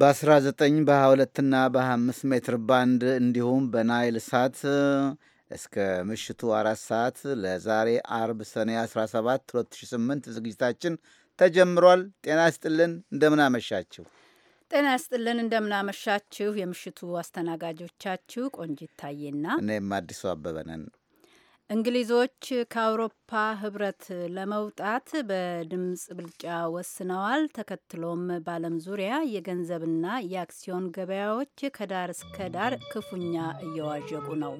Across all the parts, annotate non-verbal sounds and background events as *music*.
በ19 በ22ና በ25 ሜትር ባንድ እንዲሁም በናይል ሳት እስከ ምሽቱ አራት ሰዓት ለዛሬ አርብ ሰኔ 17 2008 ዝግጅታችን ተጀምሯል። ጤና ይስጥልን፣ እንደምናመሻችሁ። ጤና ይስጥልን፣ እንደምናመሻችሁ። የምሽቱ አስተናጋጆቻችሁ ቆንጂት ታዬና እኔም አዲሱ አበበ ነን። እንግሊዞች ከአውሮፓ ህብረት ለመውጣት በድምፅ ብልጫ ወስነዋል። ተከትሎም በዓለም ዙሪያ የገንዘብና የአክሲዮን ገበያዎች ከዳር እስከ ዳር ክፉኛ እየዋዠቁ ነው።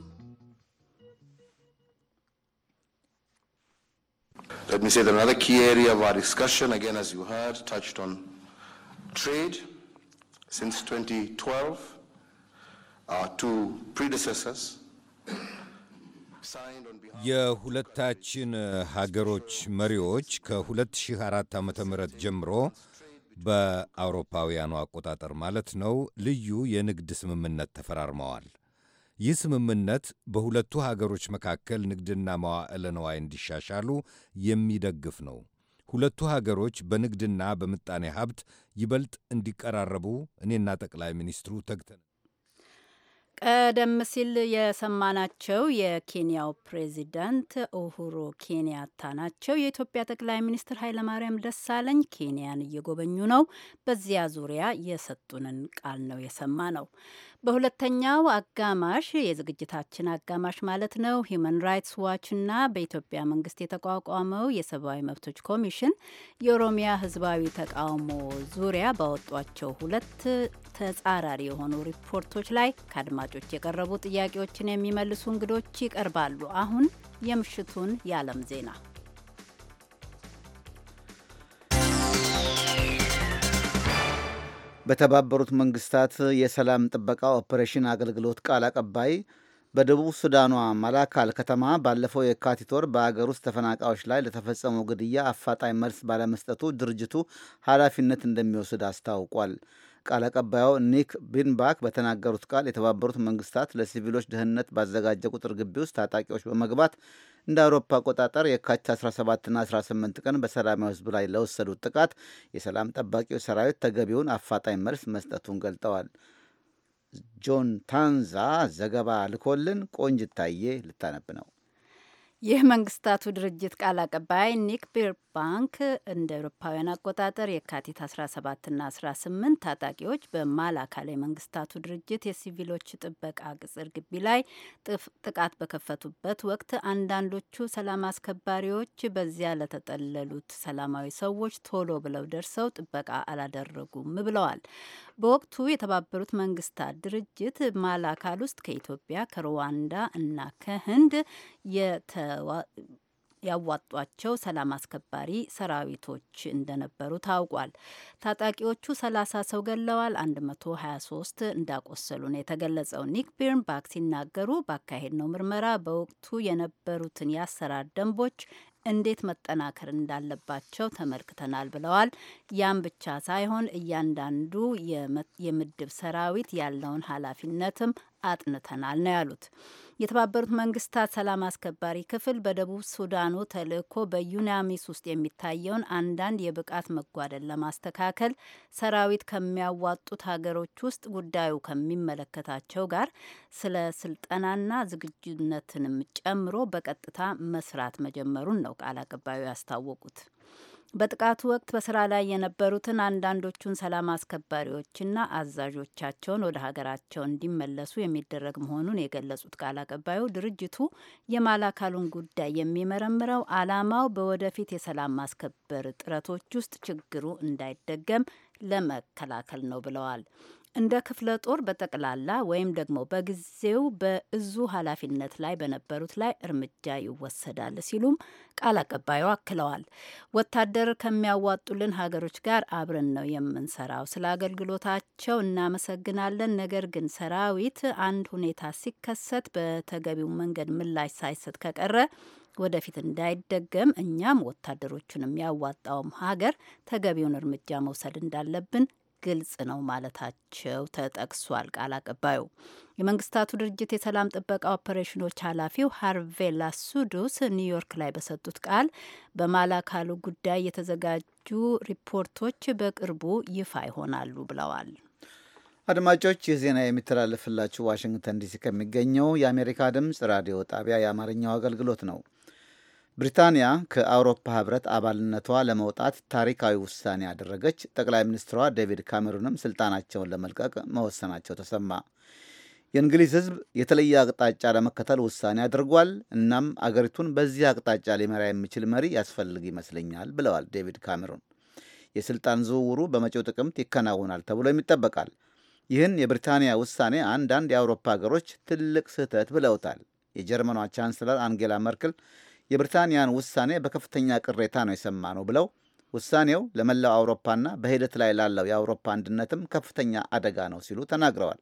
የሁለታችን ሀገሮች መሪዎች ከ2004 ዓ ም ጀምሮ በአውሮፓውያኑ አቆጣጠር ማለት ነው ልዩ የንግድ ስምምነት ተፈራርመዋል። ይህ ስምምነት በሁለቱ ሀገሮች መካከል ንግድና መዋዕለ ነዋይ እንዲሻሻሉ የሚደግፍ ነው። ሁለቱ ሀገሮች በንግድና በምጣኔ ሀብት ይበልጥ እንዲቀራረቡ እኔና ጠቅላይ ሚኒስትሩ ተግተን ቀደም ሲል የሰማናቸው የኬንያው ፕሬዚዳንት ኡሁሩ ኬንያታ ናቸው። የኢትዮጵያ ጠቅላይ ሚኒስትር ኃይለማርያም ደሳለኝ ኬንያን እየጎበኙ ነው። በዚያ ዙሪያ የሰጡንን ቃል ነው የሰማ ነው። በሁለተኛው አጋማሽ የዝግጅታችን አጋማሽ ማለት ነው። ሂዩማን ራይትስ ዋችና በኢትዮጵያ መንግስት የተቋቋመው የሰብአዊ መብቶች ኮሚሽን የኦሮሚያ ህዝባዊ ተቃውሞ ዙሪያ ባወጧቸው ሁለት ተጻራሪ የሆኑ ሪፖርቶች ላይ ከአድማጮች የቀረቡ ጥያቄዎችን የሚመልሱ እንግዶች ይቀርባሉ። አሁን የምሽቱን የዓለም ዜና በተባበሩት መንግስታት የሰላም ጥበቃ ኦፕሬሽን አገልግሎት ቃል አቀባይ በደቡብ ሱዳኗ ማላካል ከተማ ባለፈው የካቲት ወር በአገር ውስጥ ተፈናቃዮች ላይ ለተፈጸመው ግድያ አፋጣኝ መልስ ባለመስጠቱ ድርጅቱ ኃላፊነት እንደሚወስድ አስታውቋል። ቃል አቀባዩ ኒክ ቢንባክ በተናገሩት ቃል የተባበሩት መንግስታት ለሲቪሎች ደህንነት ባዘጋጀ ቁጥር ግቢ ውስጥ ታጣቂዎች በመግባት እንደ አውሮፓ አቆጣጠር የካቲት 17ና 18 ቀን በሰላማዊ ህዝብ ላይ ለወሰዱት ጥቃት የሰላም ጠባቂው ሰራዊት ተገቢውን አፋጣኝ መልስ መስጠቱን ገልጠዋል። ጆን ታንዛ ዘገባ ልኮልን ቆንጅታዬ ልታነብ ነው። ይህ መንግስታቱ ድርጅት ቃል አቀባይ ኒክ ቢርባንክ እንደ ኤሮፓውያን አቆጣጠር የካቲት 17ና 18 ታጣቂዎች በማላካሌ መንግስታቱ ድርጅት የሲቪሎች ጥበቃ ቅጽር ግቢ ላይ ጥቃት በከፈቱበት ወቅት አንዳንዶቹ ሰላም አስከባሪዎች በዚያ ለተጠለሉት ሰላማዊ ሰዎች ቶሎ ብለው ደርሰው ጥበቃ አላደረጉም ብለዋል። በወቅቱ የተባበሩት መንግስታት ድርጅት ማላካል ውስጥ ከኢትዮጵያ፣ ከሩዋንዳ እና ከህንድ ያዋጧቸው ሰላም አስከባሪ ሰራዊቶች እንደነበሩ ታውቋል። ታጣቂዎቹ 30 ሰው ገለዋል፣ 123 እንዳቆሰሉ ነው የተገለጸው። ኒክ ቢርንባክ ሲናገሩ ባካሄድ ነው ምርመራ በወቅቱ የነበሩትን የአሰራር ደንቦች እንዴት መጠናከር እንዳለባቸው ተመልክተናል ብለዋል። ያም ብቻ ሳይሆን እያንዳንዱ የምድብ ሰራዊት ያለውን ኃላፊነትም አጥንተናል ነው ያሉት። የተባበሩት መንግስታት ሰላም አስከባሪ ክፍል በደቡብ ሱዳኑ ተልእኮ በዩናሚስ ውስጥ የሚታየውን አንዳንድ የብቃት መጓደል ለማስተካከል ሰራዊት ከሚያዋጡት ሀገሮች ውስጥ ጉዳዩ ከሚመለከታቸው ጋር ስለ ስልጠናና ዝግጁነትንም ጨምሮ በቀጥታ መስራት መጀመሩን ነው ቃል አቀባዩ ያስታወቁት። በጥቃቱ ወቅት በስራ ላይ የነበሩትን አንዳንዶቹን ሰላም አስከባሪዎችና አዛዦቻቸውን ወደ ሀገራቸው እንዲመለሱ የሚደረግ መሆኑን የገለጹት ቃል አቀባዩ ድርጅቱ የማላካሉን ጉዳይ የሚመረምረው ዓላማው በወደፊት የሰላም ማስከበር ጥረቶች ውስጥ ችግሩ እንዳይደገም ለመከላከል ነው ብለዋል። እንደ ክፍለ ጦር በጠቅላላ ወይም ደግሞ በጊዜው በእዙ ኃላፊነት ላይ በነበሩት ላይ እርምጃ ይወሰዳል ሲሉም ቃል አቀባዩ አክለዋል። ወታደር ከሚያዋጡልን ሀገሮች ጋር አብረን ነው የምንሰራው። ስለ አገልግሎታቸው እናመሰግናለን። ነገር ግን ሰራዊት አንድ ሁኔታ ሲከሰት በተገቢው መንገድ ምላሽ ሳይሰጥ ከቀረ ወደፊት እንዳይደገም እኛም ወታደሮቹን የሚያዋጣውም ሀገር ተገቢውን እርምጃ መውሰድ እንዳለብን ግልጽ ነው ማለታቸው ተጠቅሷል። ቃል አቀባዩ የመንግስታቱ ድርጅት የሰላም ጥበቃ ኦፐሬሽኖች ኃላፊው ሃርቬ ላሱዱስ ኒውዮርክ ላይ በሰጡት ቃል በማላካሉ ጉዳይ የተዘጋጁ ሪፖርቶች በቅርቡ ይፋ ይሆናሉ ብለዋል። አድማጮች ይህ ዜና የሚተላለፍላችሁ ዋሽንግተን ዲሲ ከሚገኘው የአሜሪካ ድምፅ ራዲዮ ጣቢያ የአማርኛው አገልግሎት ነው። ብሪታንያ ከአውሮፓ ህብረት አባልነቷ ለመውጣት ታሪካዊ ውሳኔ ያደረገች፣ ጠቅላይ ሚኒስትሯ ዴቪድ ካሜሩንም ስልጣናቸውን ለመልቀቅ መወሰናቸው ተሰማ። የእንግሊዝ ህዝብ የተለየ አቅጣጫ ለመከተል ውሳኔ አድርጓል። እናም አገሪቱን በዚህ አቅጣጫ ሊመራ የሚችል መሪ ያስፈልግ ይመስለኛል ብለዋል ዴቪድ ካሜሩን። የስልጣን ዝውውሩ በመጪው ጥቅምት ይከናወናል ተብሎ ይጠበቃል። ይህን የብሪታንያ ውሳኔ አንዳንድ የአውሮፓ ሀገሮች ትልቅ ስህተት ብለውታል። የጀርመኗ ቻንስለር አንጌላ መርክል የብሪታንያን ውሳኔ በከፍተኛ ቅሬታ ነው የሰማነው ብለው ውሳኔው ለመላው አውሮፓና በሂደት ላይ ላለው የአውሮፓ አንድነትም ከፍተኛ አደጋ ነው ሲሉ ተናግረዋል።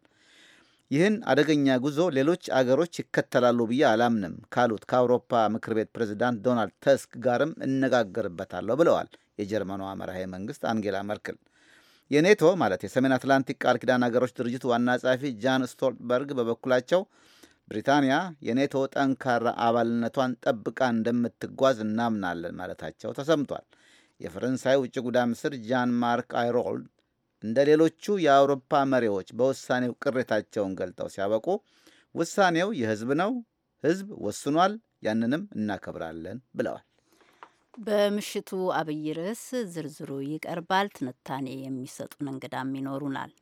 ይህን አደገኛ ጉዞ ሌሎች አገሮች ይከተላሉ ብዬ አላምንም ካሉት ከአውሮፓ ምክር ቤት ፕሬዚዳንት ዶናልድ ተስክ ጋርም እነጋገርበታለሁ ብለዋል። የጀርመኗ መራሄ መንግስት አንጌላ መርክል የኔቶ ማለት የሰሜን አትላንቲክ ቃል ኪዳን አገሮች ድርጅት ዋና ጸሐፊ ጃን ስቶልትበርግ በበኩላቸው ብሪታንያ የኔቶ ጠንካራ አባልነቷን ጠብቃ እንደምትጓዝ እናምናለን ማለታቸው ተሰምቷል። የፈረንሳይ ውጭ ጉዳይ ሚኒስትር ጃን ማርክ አይሮልድ እንደ ሌሎቹ የአውሮፓ መሪዎች በውሳኔው ቅሬታቸውን ገልጠው ሲያበቁ ውሳኔው የህዝብ ነው፣ ሕዝብ ወስኗል፣ ያንንም እናከብራለን ብለዋል። በምሽቱ አብይ ርዕስ ዝርዝሩ ይቀርባል። ትንታኔ የሚሰጡን እንግዳም ይኖሩናል።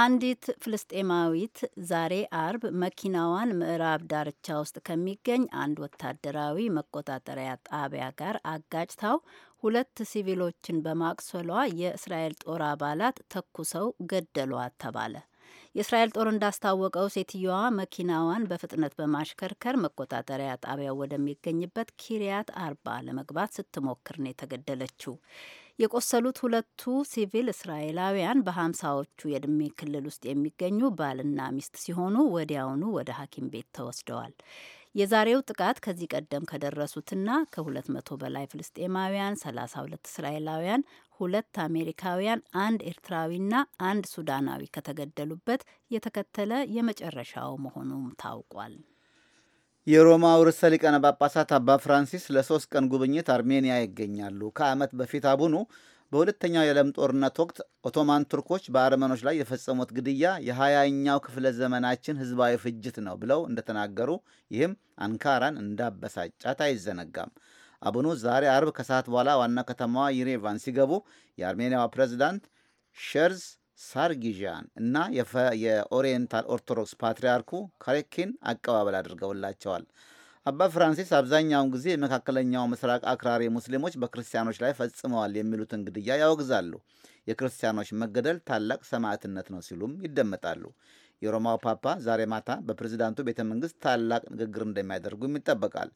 አንዲት ፍልስጤማዊት ዛሬ አርብ መኪናዋን ምዕራብ ዳርቻ ውስጥ ከሚገኝ አንድ ወታደራዊ መቆጣጠሪያ ጣቢያ ጋር አጋጭታው ሁለት ሲቪሎችን በማቁሰሏ የእስራኤል ጦር አባላት ተኩሰው ገደሏት ተባለ። የእስራኤል ጦር እንዳስታወቀው ሴትየዋ መኪናዋን በፍጥነት በማሽከርከር መቆጣጠሪያ ጣቢያው ወደሚገኝበት ኪሪያት አርባ ለመግባት ስትሞክር ነው የተገደለችው። የቆሰሉት ሁለቱ ሲቪል እስራኤላውያን በሀምሳዎቹ የእድሜ ክልል ውስጥ የሚገኙ ባልና ሚስት ሲሆኑ ወዲያውኑ ወደ ሐኪም ቤት ተወስደዋል። የዛሬው ጥቃት ከዚህ ቀደም ከደረሱትና ከ200 በላይ ፍልስጤማውያን፣ 32 እስራኤላውያን፣ ሁለት አሜሪካውያን፣ አንድ ኤርትራዊና አንድ ሱዳናዊ ከተገደሉበት የተከተለ የመጨረሻው መሆኑም ታውቋል። የሮማው ርዕሰ ሊቃነ ጳጳሳት አባ ፍራንሲስ ለሶስት ቀን ጉብኝት አርሜኒያ ይገኛሉ። ከዓመት በፊት አቡኑ በሁለተኛው የዓለም ጦርነት ወቅት ኦቶማን ቱርኮች በአርመኖች ላይ የፈጸሙት ግድያ የሀያኛው ክፍለ ዘመናችን ህዝባዊ ፍጅት ነው ብለው እንደተናገሩ ይህም አንካራን እንዳበሳጫት አይዘነጋም። አቡኑ ዛሬ አርብ ከሰዓት በኋላ ዋና ከተማዋ ይሬቫን ሲገቡ የአርሜኒያው ፕሬዚዳንት ሸርዝ ሳርጊዣን እና የኦሪየንታል ኦርቶዶክስ ፓትርያርኩ ካሬኪን አቀባበል አድርገውላቸዋል። አባ ፍራንሲስ አብዛኛውን ጊዜ የመካከለኛው ምስራቅ አክራሪ ሙስሊሞች በክርስቲያኖች ላይ ፈጽመዋል የሚሉትን ግድያ ያወግዛሉ። የክርስቲያኖች መገደል ታላቅ ሰማዕትነት ነው ሲሉም ይደመጣሉ። የሮማው ፓፓ ዛሬ ማታ በፕሬዚዳንቱ ቤተ መንግስት ታላቅ ንግግር እንደሚያደርጉም ይጠበቃል።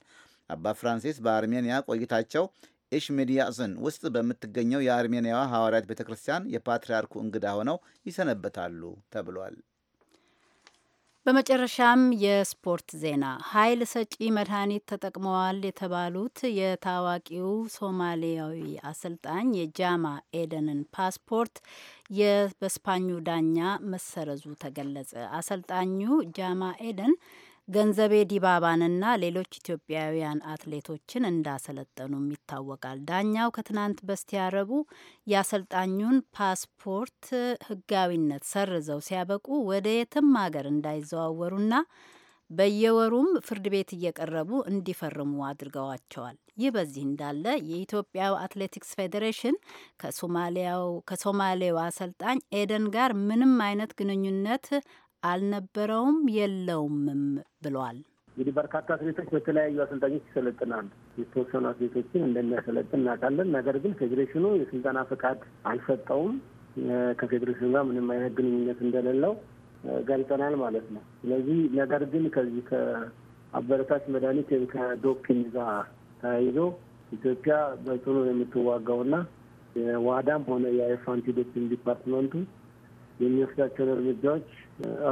አባ ፍራንሲስ በአርሜንያ ቆይታቸው ኤሽሜዲያጽን ውስጥ በምትገኘው የአርሜንያዋ ሐዋርያት ቤተ ክርስቲያን የፓትርያርኩ እንግዳ ሆነው ይሰነበታሉ ተብሏል። በመጨረሻም የስፖርት ዜና። ኃይል ሰጪ መድኃኒት ተጠቅመዋል የተባሉት የታዋቂው ሶማሊያዊ አሰልጣኝ የጃማ ኤደንን ፓስፖርት በስፓኙ ዳኛ መሰረዙ ተገለጸ። አሰልጣኙ ጃማ ኤደን ገንዘቤ ዲባባንና ሌሎች ኢትዮጵያውያን አትሌቶችን እንዳሰለጠኑም ይታወቃል። ዳኛው ከትናንት በስቲያ ረቡዕ የአሰልጣኙን ፓስፖርት ሕጋዊነት ሰርዘው ሲያበቁ ወደ የትም ሀገር እንዳይዘዋወሩና በየወሩም ፍርድ ቤት እየቀረቡ እንዲፈርሙ አድርገዋቸዋል። ይህ በዚህ እንዳለ የኢትዮጵያው አትሌቲክስ ፌዴሬሽን ከሶማሌው አሰልጣኝ ኤደን ጋር ምንም አይነት ግንኙነት አልነበረውም የለውምም ብሏል። እንግዲህ በርካታ አትሌቶች በተለያዩ አሰልጣኞች ይሰለጥናሉ። የተወሰኑ አትሌቶችን እንደሚያሰለጥን እናውቃለን። ነገር ግን ፌዴሬሽኑ የስልጠና ፍቃድ አልሰጠውም። ከፌዴሬሽኑ ጋር ምንም አይነት ግንኙነት እንደሌለው ገልጸናል ማለት ነው። ስለዚህ ነገር ግን ከዚህ ከአበረታች መድኃኒት ወይም ከዶፒንግ ጋር ተያይዞ ኢትዮጵያ በጽኑ የምትዋጋውና የዋዳም ሆነ የአይፋንቲ ዶፒንግ ዲፓርትመንቱ የሚወስዳቸውን እርምጃዎች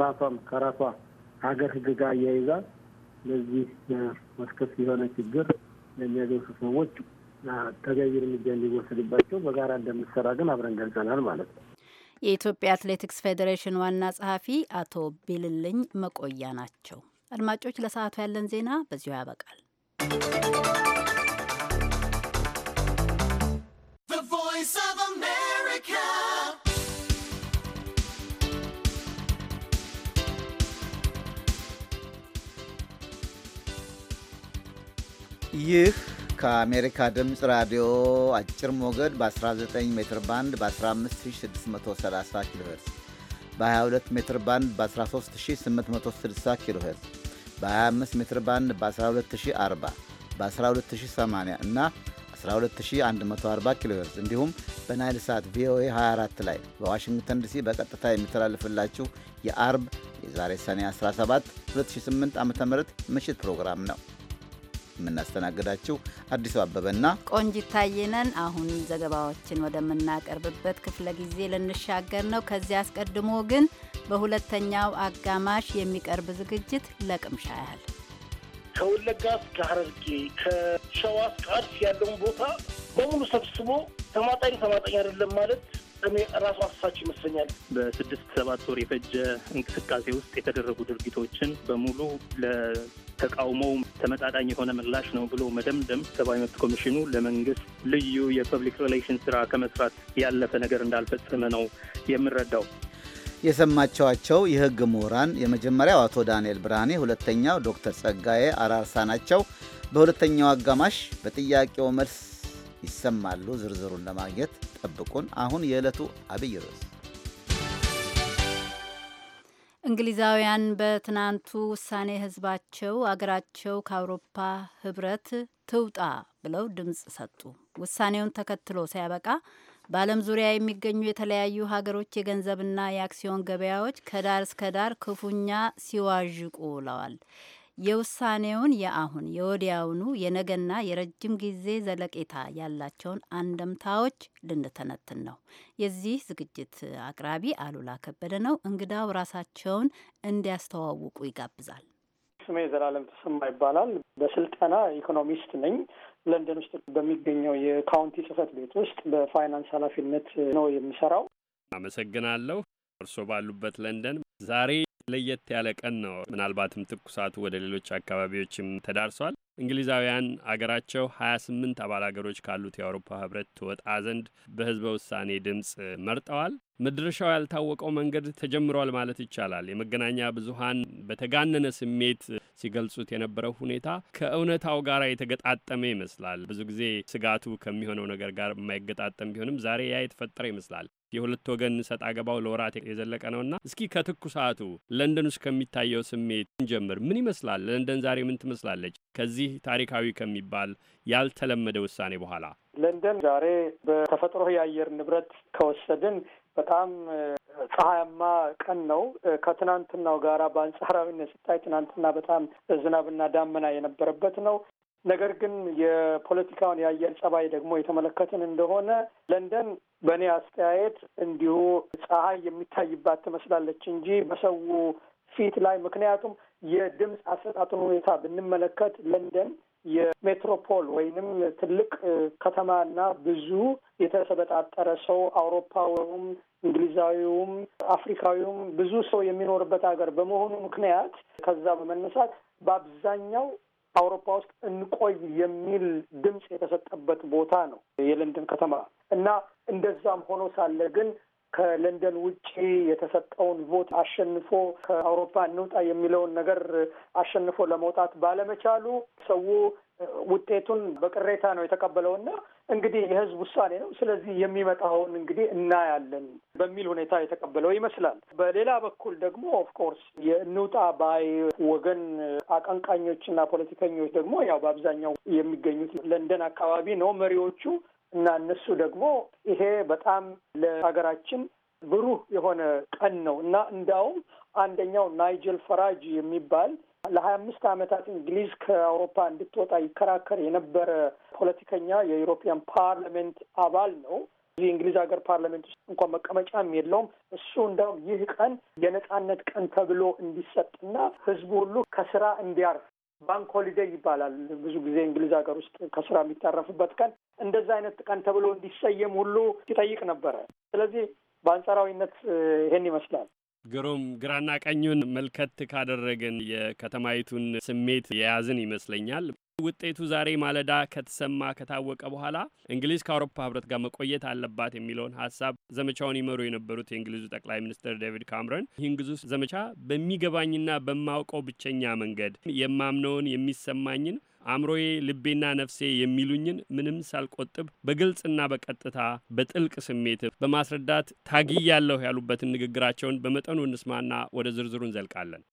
ራሷም ከራሷ ሀገር ህግ ጋር አያይዛ ለዚህ መስከፍ የሆነ ችግር ለሚያገኙ ሰዎች ተገቢ እርምጃ እንዲወሰድባቸው በጋራ እንደምትሰራ ግን አብረን ገልጸናል ማለት ነው። የኢትዮጵያ አትሌቲክስ ፌዴሬሽን ዋና ጸሐፊ አቶ ቢልልኝ መቆያ ናቸው። አድማጮች፣ ለሰዓቱ ያለን ዜና በዚሁ ያበቃል። ይህ ከአሜሪካ ድምፅ ራዲዮ አጭር ሞገድ በ19 ሜትር ባንድ በ15630 ኪሎ ሄርዝ በ22 ሜትር ባንድ በ13860 ኪሎ ሄርዝ በ25 ሜትር ባንድ በ12040 በ12080 እና 12140 ኪሎ ሄርዝ እንዲሁም በናይል ሳት ቪኦኤ 24 ላይ በዋሽንግተን ዲሲ በቀጥታ የሚተላልፍላችሁ የአርብ የዛሬ ሰኔ 17 2008 ዓ ም ምሽት ፕሮግራም ነው። የምናስተናግዳችሁ አዲሱ አበበና ቆንጂት ታየነን። አሁን ዘገባዎችን ወደምናቀርብበት ክፍለ ጊዜ ልንሻገር ነው። ከዚያ አስቀድሞ ግን በሁለተኛው አጋማሽ የሚቀርብ ዝግጅት ለቅምሻ ያህል ከወለጋ እስከ ሐረርጌ ከሸዋ እስከ አርሲ ያለውን ቦታ በሙሉ ሰብስቦ ተማጣኝ ተማጣኝ አይደለም ማለት እኔ ራሱ አሳች ይመስለኛል። በስድስት ሰባት ወር የፈጀ እንቅስቃሴ ውስጥ የተደረጉ ድርጊቶችን በሙሉ ተቃውሞው ተመጣጣኝ የሆነ ምላሽ ነው ብሎ መደምደም ሰብአዊ መብት ኮሚሽኑ ለመንግስት ልዩ የፐብሊክ ሪሌሽን ስራ ከመስራት ያለፈ ነገር እንዳልፈጸመ ነው የምንረዳው። የሰማቸዋቸው የህግ ምሁራን የመጀመሪያው አቶ ዳንኤል ብርሃኔ፣ ሁለተኛው ዶክተር ጸጋዬ አራርሳ ናቸው። በሁለተኛው አጋማሽ በጥያቄው መልስ ይሰማሉ። ዝርዝሩን ለማግኘት ጠብቁን። አሁን የዕለቱ አብይ ርዕስ እንግሊዛውያን በትናንቱ ውሳኔ ህዝባቸው አገራቸው ከአውሮፓ ህብረት ትውጣ ብለው ድምፅ ሰጡ። ውሳኔውን ተከትሎ ሲያበቃ በዓለም ዙሪያ የሚገኙ የተለያዩ ሀገሮች የገንዘብና የአክሲዮን ገበያዎች ከዳር እስከ ዳር ክፉኛ ሲዋዥቁ ውለዋል። የውሳኔውን የአሁን የወዲያውኑ የነገና የረጅም ጊዜ ዘለቄታ ያላቸውን አንደምታዎች ልንተነትን ነው። የዚህ ዝግጅት አቅራቢ አሉላ ከበደ ነው። እንግዳው ራሳቸውን እንዲያስተዋውቁ ይጋብዛል። ስሜ ዘላለም ተሰማ ይባላል። በስልጠና ኢኮኖሚስት ነኝ። ለንደን ውስጥ በሚገኘው የካውንቲ ጽህፈት ቤት ውስጥ በፋይናንስ ኃላፊነት ነው የሚሰራው። አመሰግናለሁ። እርስዎ ባሉበት ለንደን ዛሬ ለየት ያለ ቀን ነው። ምናልባትም ትኩሳቱ ወደ ሌሎች አካባቢዎችም ተዳርሷል። እንግሊዛውያን አገራቸው 28 አባል አገሮች ካሉት የአውሮፓ ህብረት ትወጣ ዘንድ በህዝበ ውሳኔ ድምፅ መርጠዋል። መድረሻው ያልታወቀው መንገድ ተጀምሯል ማለት ይቻላል። የመገናኛ ብዙሃን በተጋነነ ስሜት ሲገልጹት የነበረው ሁኔታ ከእውነታው ጋር የተገጣጠመ ይመስላል። ብዙ ጊዜ ስጋቱ ከሚሆነው ነገር ጋር የማይገጣጠም ቢሆንም ዛሬ ያ የተፈጠረ ይመስላል። የሁለት ወገን ሰጥ አገባው ለወራት የዘለቀ ነውና እስኪ ከትኩሳቱ ለንደን ውስጥ ከሚታየው ስሜት እንጀምር። ምን ይመስላል ለንደን ዛሬ ምን ትመስላለች? ከዚህ ታሪካዊ ከሚባል ያልተለመደ ውሳኔ በኋላ ለንደን ዛሬ በተፈጥሮ የአየር ንብረት ከወሰድን በጣም ፀሐያማ ቀን ነው። ከትናንትናው ጋራ በአንጻራዊነት ስታይ ትናንትና በጣም ዝናብና ዳመና የነበረበት ነው። ነገር ግን የፖለቲካውን የአየር ጸባይ ደግሞ የተመለከትን እንደሆነ ለንደን በእኔ አስተያየት እንዲሁ ፀሐይ የሚታይባት ትመስላለች እንጂ በሰው ፊት ላይ ምክንያቱም የድምፅ አሰጣጡን ሁኔታ ብንመለከት ለንደን የሜትሮፖል ወይንም ትልቅ ከተማና ብዙ የተሰበጣጠረ ሰው አውሮፓውም፣ እንግሊዛዊውም፣ አፍሪካዊውም ብዙ ሰው የሚኖርበት ሀገር በመሆኑ ምክንያት ከዛ በመነሳት በአብዛኛው አውሮፓ ውስጥ እንቆይ የሚል ድምፅ የተሰጠበት ቦታ ነው የለንደን ከተማ እና እንደዛም ሆኖ ሳለ ግን ከለንደን ውጪ የተሰጠውን ቮት አሸንፎ ከአውሮፓ እንውጣ የሚለውን ነገር አሸንፎ ለመውጣት ባለመቻሉ ሰው ውጤቱን በቅሬታ ነው የተቀበለውና እንግዲህ የህዝብ ውሳኔ ነው፣ ስለዚህ የሚመጣውን እንግዲህ እናያለን በሚል ሁኔታ የተቀበለው ይመስላል። በሌላ በኩል ደግሞ ኦፍኮርስ የእንውጣ ባይ ወገን ና ፖለቲከኞች ደግሞ ያው በአብዛኛው የሚገኙት ለንደን አካባቢ ነው መሪዎቹ እና እነሱ ደግሞ ይሄ በጣም ለሀገራችን ብሩህ የሆነ ቀን ነው እና እንዳውም አንደኛው ናይጀል ፈራጅ የሚባል ለሀያ አምስት ዓመታት እንግሊዝ ከአውሮፓ እንድትወጣ ይከራከር የነበረ ፖለቲከኛ የዩሮፒያን ፓርላሜንት አባል ነው። እዚህ እንግሊዝ ሀገር ፓርላሜንት ውስጥ እንኳን መቀመጫም የለውም። እሱ እንደውም ይህ ቀን የነጻነት ቀን ተብሎ እንዲሰጥና ህዝቡ ሁሉ ከስራ እንዲያርፍ ባንክ ሆሊደይ ይባላል። ብዙ ጊዜ እንግሊዝ ሀገር ውስጥ ከስራ የሚታረፍበት ቀን እንደዛ አይነት ቀን ተብሎ እንዲሰየም ሁሉ ይጠይቅ ነበረ። ስለዚህ በአንጻራዊነት ይሄን ይመስላል። ግሩም ግራና ቀኙን መልከት ካደረግን የከተማይቱን ስሜት የያዝን ይመስለኛል። ውጤቱ ዛሬ ማለዳ ከተሰማ ከታወቀ በኋላ እንግሊዝ ከአውሮፓ ህብረት ጋር መቆየት አለባት የሚለውን ሀሳብ ዘመቻውን ይመሩ የነበሩት የእንግሊዙ ጠቅላይ ሚኒስትር ዴቪድ ካምረን ይህን ግዙፍ ዘመቻ በሚገባኝና በማውቀው ብቸኛ መንገድ የማምነውን የሚሰማኝን አእምሮዬ፣ ልቤና ነፍሴ የሚሉኝን ምንም ሳልቆጥብ በግልጽና በቀጥታ በጥልቅ ስሜት በማስረዳት ታግያለሁ ያሉበትን ንግግራቸውን በመጠኑ እንስማና ወደ ዝርዝሩ እንዘልቃለን።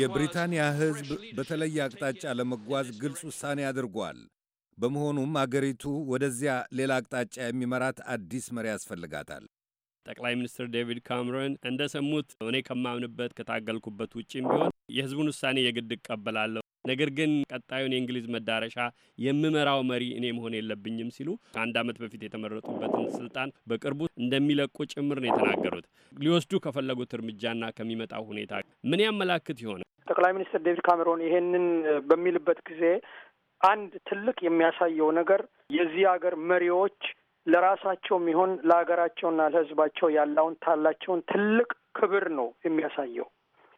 የብሪታንያ ሕዝብ በተለየ አቅጣጫ ለመጓዝ ግልጽ ውሳኔ አድርጓል። በመሆኑም አገሪቱ ወደዚያ ሌላ አቅጣጫ የሚመራት አዲስ መሪ ያስፈልጋታል። ጠቅላይ ሚኒስትር ዴቪድ ካምሮን እንደሰሙት እኔ ከማምንበት ከታገልኩበት ውጭም ቢሆን የህዝቡን ውሳኔ የግድ እቀበላለሁ፣ ነገር ግን ቀጣዩን የእንግሊዝ መዳረሻ የምመራው መሪ እኔ መሆን የለብኝም ሲሉ ከአንድ ዓመት በፊት የተመረጡበትን ስልጣን በቅርቡ እንደሚለቁ ጭምር ነው የተናገሩት። ሊወስዱ ከፈለጉት እርምጃና ከሚመጣው ሁኔታ ምን ያመላክት ይሆነ? ጠቅላይ ሚኒስትር ዴቪድ ካምሮን ይሄንን በሚልበት ጊዜ አንድ ትልቅ የሚያሳየው ነገር የዚህ ሀገር መሪዎች ለራሳቸው ይሁን ለሀገራቸውና ለሕዝባቸው ያለውን ታላቸውን ትልቅ ክብር ነው የሚያሳየው።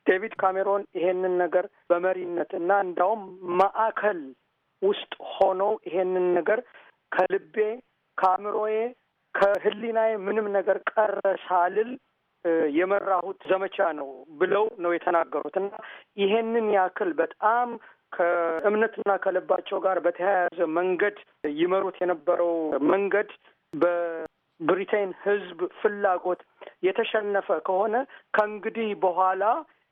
ዴቪድ ካሜሮን ይሄንን ነገር በመሪነት እና እንዳውም ማዕከል ውስጥ ሆኖ ይሄንን ነገር ከልቤ ከአእምሮዬ ከህሊናዬ ምንም ነገር ቀረ ሳልል የመራሁት ዘመቻ ነው ብለው ነው የተናገሩት እና ይሄንን ያክል በጣም ከእምነትና ከልባቸው ጋር በተያያዘ መንገድ ይመሩት የነበረው መንገድ በብሪቴን ህዝብ ፍላጎት የተሸነፈ ከሆነ ከእንግዲህ በኋላ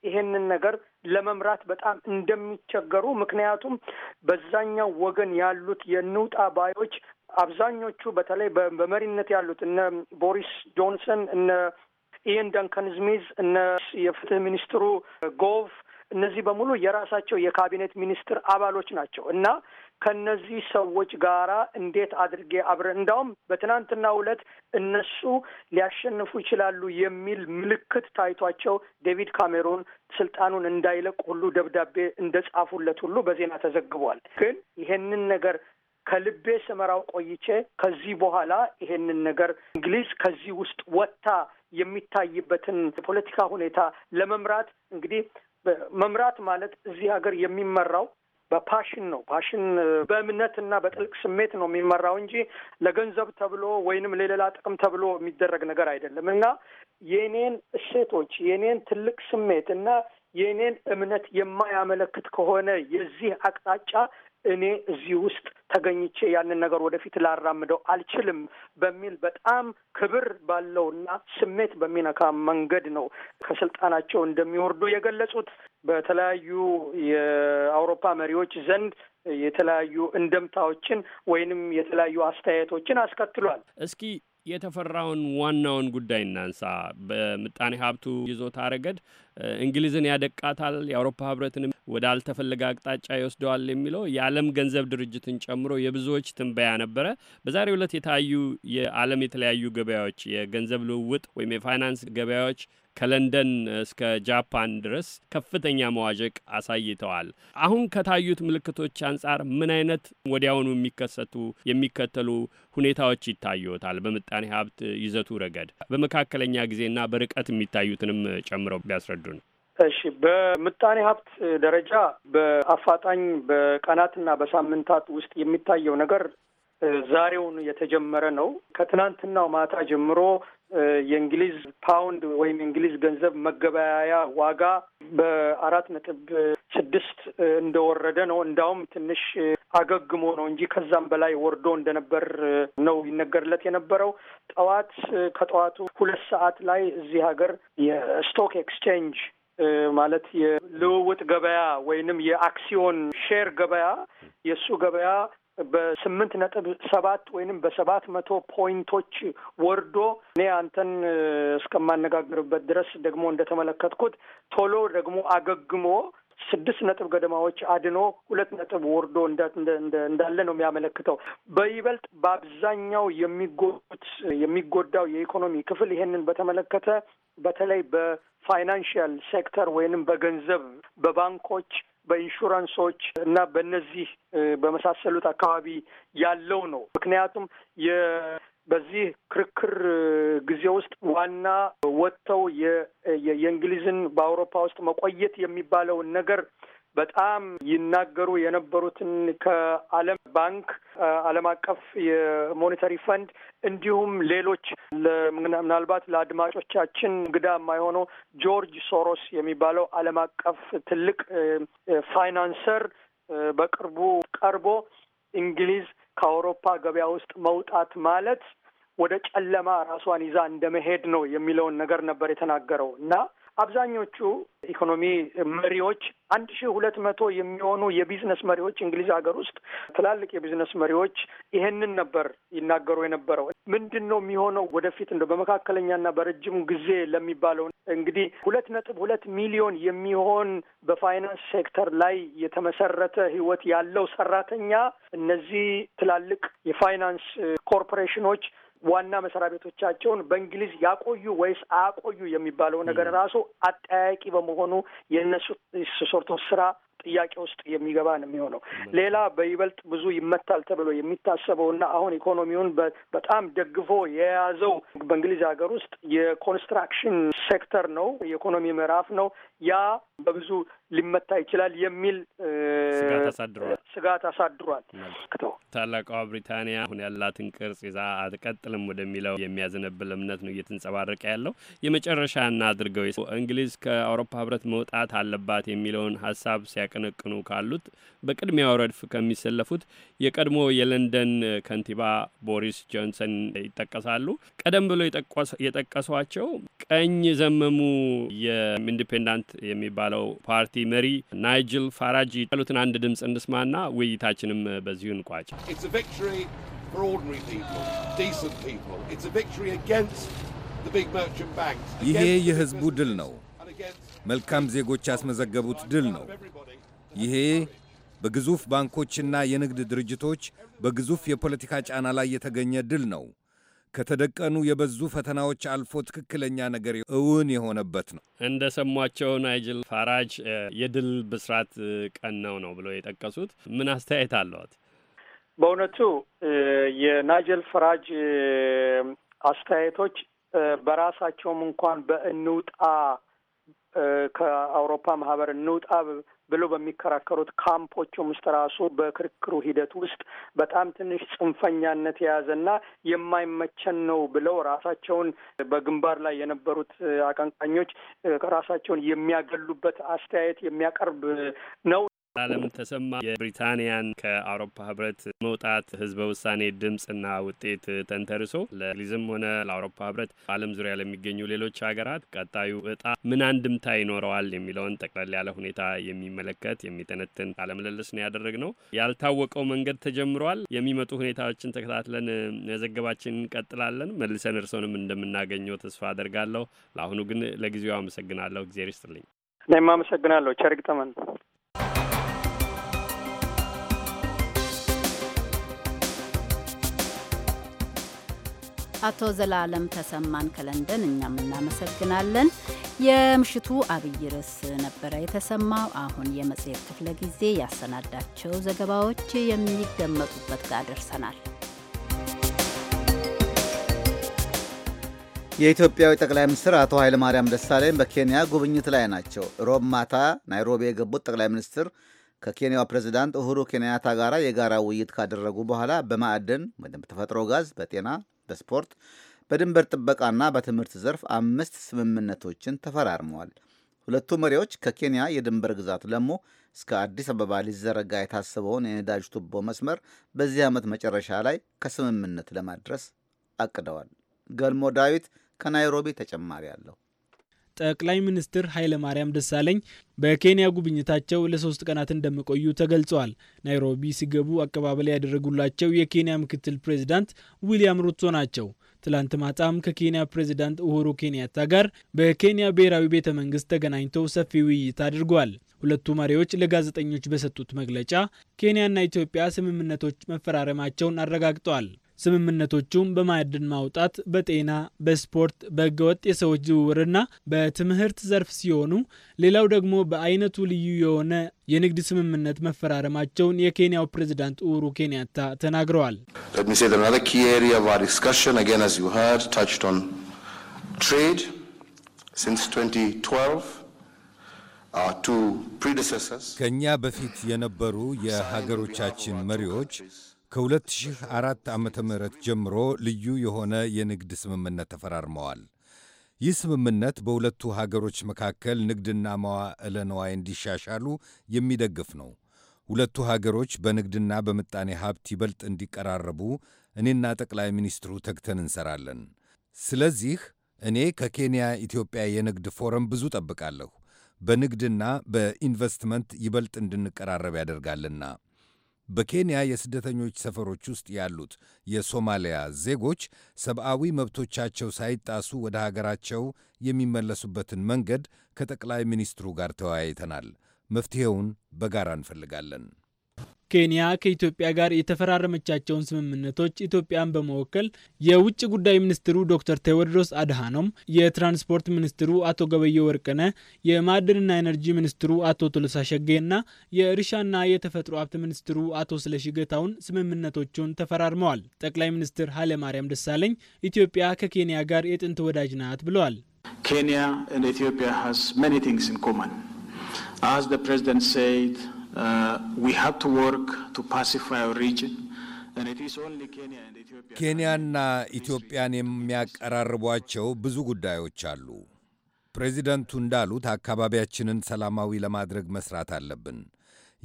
ይሄንን ነገር ለመምራት በጣም እንደሚቸገሩ ምክንያቱም በዛኛው ወገን ያሉት የንውጣ ባዮች አብዛኞቹ በተለይ በመሪነት ያሉት እነ ቦሪስ ጆንሰን እነ ኢን ደንከን ስሚዝ እነ የፍትህ ሚኒስትሩ ጎቭ እነዚህ በሙሉ የራሳቸው የካቢኔት ሚኒስትር አባሎች ናቸው እና ከነዚህ ሰዎች ጋራ እንዴት አድርጌ አብረ እንዳውም በትናንትና ዕለት እነሱ ሊያሸንፉ ይችላሉ የሚል ምልክት ታይቷቸው ዴቪድ ካሜሮን ስልጣኑን እንዳይለቅ ሁሉ ደብዳቤ ጻፉለት ሁሉ በዜና ተዘግቧል። ግን ይሄንን ነገር ከልቤ ስመራው ቆይቼ ከዚህ በኋላ ይሄንን ነገር እንግሊዝ ከዚህ ውስጥ ወጥታ የሚታይበትን የፖለቲካ ሁኔታ ለመምራት እንግዲህ መምራት ማለት እዚህ ሀገር የሚመራው በፓሽን ነው። ፓሽን በእምነት እና በጥልቅ ስሜት ነው የሚመራው እንጂ ለገንዘብ ተብሎ ወይንም ለሌላ ጥቅም ተብሎ የሚደረግ ነገር አይደለም እና የእኔን እሴቶች የኔን ትልቅ ስሜት እና የእኔን እምነት የማያመለክት ከሆነ የዚህ አቅጣጫ እኔ እዚህ ውስጥ ተገኝቼ ያንን ነገር ወደፊት ላራምደው አልችልም በሚል በጣም ክብር ባለውና ስሜት በሚነካ መንገድ ነው ከስልጣናቸው እንደሚወርዱ የገለጹት። በተለያዩ የአውሮፓ መሪዎች ዘንድ የተለያዩ እንደምታዎችን ወይንም የተለያዩ አስተያየቶችን አስከትሏል። እስኪ የተፈራውን ዋናውን ጉዳይ እናንሳ። በምጣኔ ሀብቱ ይዞታ ረገድ እንግሊዝን ያደቃታል፣ የአውሮፓ ህብረትንም አልተፈለገ አቅጣጫ ይወስደዋል የሚለው የዓለም ገንዘብ ድርጅትን ጨምሮ የብዙዎች ትንበያ ነበረ። በዛሬ ዕለት የታዩ የዓለም የተለያዩ ገበያዎች የገንዘብ ልውውጥ ወይም የፋይናንስ ገበያዎች ከለንደን እስከ ጃፓን ድረስ ከፍተኛ መዋዠቅ አሳይተዋል። አሁን ከታዩት ምልክቶች አንጻር ምን አይነት ወዲያውኑ የሚከሰቱ የሚከተሉ ሁኔታዎች ይታዩታል? በምጣኔ ሀብት ይዘቱ ረገድ በመካከለኛ ጊዜና በርቀት የሚታዩትንም ጨምረው ቢያስረዱን። እሺ፣ በምጣኔ ሀብት ደረጃ በአፋጣኝ በቀናትና በሳምንታት ውስጥ የሚታየው ነገር ዛሬውን የተጀመረ ነው። ከትናንትናው ማታ ጀምሮ የእንግሊዝ ፓውንድ ወይም የእንግሊዝ ገንዘብ መገበያያ ዋጋ በአራት ነጥብ ስድስት እንደወረደ ነው። እንዳውም ትንሽ አገግሞ ነው እንጂ ከዛም በላይ ወርዶ እንደነበር ነው ይነገርለት የነበረው። ጠዋት ከጠዋቱ ሁለት ሰዓት ላይ እዚህ ሀገር የስቶክ ኤክስቼንጅ ማለት የልውውጥ ገበያ ወይንም የአክሲዮን ሼር ገበያ የእሱ ገበያ በስምንት ነጥብ ሰባት ወይንም በሰባት መቶ ፖይንቶች ወርዶ እኔ አንተን እስከማነጋግርበት ድረስ ደግሞ እንደተመለከትኩት ቶሎ ደግሞ አገግሞ ስድስት ነጥብ ገደማዎች አድኖ ሁለት ነጥብ ወርዶ እንዳለ ነው የሚያመለክተው። በይበልጥ በአብዛኛው የሚጎት የሚጎዳው የኢኮኖሚ ክፍል ይሄንን በተመለከተ በተለይ በፋይናንሽል ሴክተር ወይንም በገንዘብ በባንኮች በኢንሹራንሶች እና በእነዚህ በመሳሰሉት አካባቢ ያለው ነው። ምክንያቱም የ በዚህ ክርክር ጊዜ ውስጥ ዋና ወጥተው የእንግሊዝን በአውሮፓ ውስጥ መቆየት የሚባለውን ነገር በጣም ይናገሩ የነበሩትን ከዓለም ባንክ፣ ዓለም አቀፍ የሞኔተሪ ፈንድ እንዲሁም ሌሎች ምናልባት ለአድማጮቻችን እንግዳ የማይሆነው ጆርጅ ሶሮስ የሚባለው ዓለም አቀፍ ትልቅ ፋይናንሰር በቅርቡ ቀርቦ እንግሊዝ ከአውሮፓ ገበያ ውስጥ መውጣት ማለት ወደ ጨለማ ራሷን ይዛ እንደመሄድ ነው የሚለውን ነገር ነበር የተናገረው እና አብዛኞቹ ኢኮኖሚ መሪዎች አንድ ሺህ ሁለት መቶ የሚሆኑ የቢዝነስ መሪዎች እንግሊዝ ሀገር ውስጥ ትላልቅ የቢዝነስ መሪዎች ይሄንን ነበር ይናገሩ የነበረው። ምንድን ነው የሚሆነው ወደፊት እንደ በመካከለኛና በረጅም ጊዜ ለሚባለው እንግዲህ ሁለት ነጥብ ሁለት ሚሊዮን የሚሆን በፋይናንስ ሴክተር ላይ የተመሰረተ ህይወት ያለው ሰራተኛ እነዚህ ትላልቅ የፋይናንስ ኮርፖሬሽኖች ዋና መስሪያ ቤቶቻቸውን በእንግሊዝ ያቆዩ ወይስ አያቆዩ የሚባለው ነገር ራሱ አጠያቂ በመሆኑ የእነሱ ሶርቶ ስራ ጥያቄ ውስጥ የሚገባ ነው የሚሆነው። ሌላ በይበልጥ ብዙ ይመታል ተብሎ የሚታሰበው እና አሁን ኢኮኖሚውን በጣም ደግፎ የያዘው በእንግሊዝ ሀገር ውስጥ የኮንስትራክሽን ሴክተር ነው፣ የኢኮኖሚ ምዕራፍ ነው። ያ በብዙ ሊመታ ይችላል የሚል ስጋት አሳድሯል ስጋት አሳድሯል። ታላቋ ብሪታንያ አሁን ያላትን ቅርጽ ይዛ አትቀጥልም ወደሚለው የሚያዘነብል እምነት ነው እየተንጸባረቀ ያለው። የመጨረሻ አድርገው እንግሊዝ ከአውሮፓ ህብረት መውጣት አለባት የሚለውን ሀሳብ ሲያቀነቅኑ ካሉት በቅድሚያው ረድፍ ከሚሰለፉት የቀድሞ የለንደን ከንቲባ ቦሪስ ጆንሰን ይጠቀሳሉ። ቀደም ብሎ የጠቀሷቸው ቀኝ ዘመሙ የኢንዲፔንዳንት የሚባለው ፓርቲ ፓርቲ መሪ ናይጅል ፋራጅ ያሉትን አንድ ድምፅ እንስማና ውይይታችንም በዚሁ እንቋጭ። ይሄ የህዝቡ ድል ነው። መልካም ዜጎች ያስመዘገቡት ድል ነው። ይሄ በግዙፍ ባንኮችና የንግድ ድርጅቶች በግዙፍ የፖለቲካ ጫና ላይ የተገኘ ድል ነው። ከተደቀኑ የበዙ ፈተናዎች አልፎ ትክክለኛ ነገር እውን የሆነበት ነው። እንደ ሰሟቸው ናይጅል ፋራጅ የድል ብስራት ቀን ነው ነው ብለው የጠቀሱት ምን አስተያየት አለዎት? በእውነቱ የናይጀል ፈራጅ አስተያየቶች በራሳቸውም እንኳን በእንውጣ ከአውሮፓ ማህበር እንውጣ ብለው በሚከራከሩት ካምፖቹም ውስጥ ራሱ በክርክሩ ሂደት ውስጥ በጣም ትንሽ ጽንፈኛነት የያዘና የማይመቸን ነው ብለው ራሳቸውን በግንባር ላይ የነበሩት አቀንቃኞች ራሳቸውን የሚያገሉበት አስተያየት የሚያቀርብ ነው። አለም ተሰማ የብሪታንያን ከአውሮፓ ህብረት መውጣት ህዝበ ውሳኔ ድምፅና ውጤት ተንተርሶ ለእንግሊዝም ሆነ ለአውሮፓ ህብረት በአለም ዙሪያ ለሚገኙ ሌሎች ሀገራት ቀጣዩ እጣ ምን አንድምታ ይኖረዋል የሚለውን ጠቅለል ያለ ሁኔታ የሚመለከት የሚተነትን አለምልልስ ነው ያደረግ ነው ያልታወቀው መንገድ ተጀምሯል። የሚመጡ ሁኔታዎችን ተከታትለን መዘገባችንን እንቀጥላለን። መልሰን እርስዎንም እንደምናገኘው ተስፋ አደርጋለሁ። ለአሁኑ ግን ለጊዜው አመሰግናለሁ። እግዜር ይስጥልኝ። እኔም አመሰግናለሁ። ቸር ይግጠመን። አቶ ዘላለም ተሰማን ከለንደን እኛም እናመሰግናለን። የምሽቱ አብይ ርዕስ ነበረ የተሰማው። አሁን የመጽሔት ክፍለ ጊዜ ያሰናዳቸው ዘገባዎች የሚደመጡበት ጋር ደርሰናል። የኢትዮጵያዊ ጠቅላይ ሚኒስትር አቶ ኃይለማርያም ደሳለኝ በኬንያ ጉብኝት ላይ ናቸው። ሮብ ማታ ናይሮቢ የገቡት ጠቅላይ ሚኒስትር ከኬንያው ፕሬዚዳንት እሁሩ ኬንያታ ጋር የጋራ ውይይት ካደረጉ በኋላ በማዕድን ወይም ተፈጥሮ ጋዝ፣ በጤና፣ በስፖርት፣ በድንበር ጥበቃና በትምህርት ዘርፍ አምስት ስምምነቶችን ተፈራርመዋል። ሁለቱ መሪዎች ከኬንያ የድንበር ግዛት ለሞ እስከ አዲስ አበባ ሊዘረጋ የታሰበውን የነዳጅ ቱቦ መስመር በዚህ ዓመት መጨረሻ ላይ ከስምምነት ለማድረስ አቅደዋል። ገልሞ ዳዊት ከናይሮቢ ተጨማሪ አለው። ጠቅላይ ሚኒስትር ማርያም ደሳለኝ በኬንያ ጉብኝታቸው ለሶስት ቀናት እንደሚቆዩ ተገልጸዋል። ናይሮቢ ሲገቡ አቀባበል ያደረጉላቸው የኬንያ ምክትል ፕሬዚዳንት ዊልያም ሩቶ ናቸው። ትላንት ማታም ከኬንያ ፕሬዚዳንት ኡሁሩ ኬንያታ ጋር በኬንያ ብሔራዊ ቤተ መንግስት ተገናኝተው ሰፊ ውይይት አድርጓል። ሁለቱ መሪዎች ለጋዜጠኞች በሰጡት መግለጫ ኬንያና ኢትዮጵያ ስምምነቶች መፈራረማቸውን አረጋግጠዋል። ስምምነቶቹም በማዕድን ማውጣት፣ በጤና፣ በስፖርት፣ በህገወጥ የሰዎች ዝውውርና በትምህርት ዘርፍ ሲሆኑ ሌላው ደግሞ በአይነቱ ልዩ የሆነ የንግድ ስምምነት መፈራረማቸውን የኬንያው ፕሬዝዳንት ኡሁሩ ኬንያታ ተናግረዋል። uh, ከእኛ በፊት የነበሩ የሀገሮቻችን መሪዎች ከ2004 ዓ ም ጀምሮ ልዩ የሆነ የንግድ ስምምነት ተፈራርመዋል። ይህ ስምምነት በሁለቱ ሀገሮች መካከል ንግድና መዋዕለ ነዋይ እንዲሻሻሉ የሚደግፍ ነው። ሁለቱ ሀገሮች በንግድና በምጣኔ ሀብት ይበልጥ እንዲቀራረቡ እኔና ጠቅላይ ሚኒስትሩ ተግተን እንሰራለን። ስለዚህ እኔ ከኬንያ ኢትዮጵያ የንግድ ፎረም ብዙ ጠብቃለሁ። በንግድና በኢንቨስትመንት ይበልጥ እንድንቀራረብ ያደርጋልና በኬንያ የስደተኞች ሰፈሮች ውስጥ ያሉት የሶማሊያ ዜጎች ሰብአዊ መብቶቻቸው ሳይጣሱ ወደ ሀገራቸው የሚመለሱበትን መንገድ ከጠቅላይ ሚኒስትሩ ጋር ተወያይተናል። መፍትሔውን በጋራ እንፈልጋለን። ኬንያ ከኢትዮጵያ ጋር የተፈራረመቻቸውን ስምምነቶች ኢትዮጵያን በመወከል የውጭ ጉዳይ ሚኒስትሩ ዶክተር ቴዎድሮስ አድሃኖም፣ የትራንስፖርት ሚኒስትሩ አቶ ገበየ ወርቅነ፣ የማዕድንና ኤነርጂ ሚኒስትሩ አቶ ቶሎሳ ሸጌና የእርሻና የተፈጥሮ ሀብት ሚኒስትሩ አቶ ስለሺ ገታውን ስምምነቶቹን ተፈራርመዋል። ጠቅላይ ሚኒስትር ኃይለማርያም ደሳለኝ ኢትዮጵያ ከኬንያ ጋር የጥንት ወዳጅ ናት ብለዋል። ኬንያ ኢትዮጵያ ኬንያና uh, ኢትዮጵያን የሚያቀራርቧቸው ብዙ ጉዳዮች አሉ። ፕሬዚደንቱ እንዳሉት አካባቢያችንን ሰላማዊ ለማድረግ መስራት አለብን።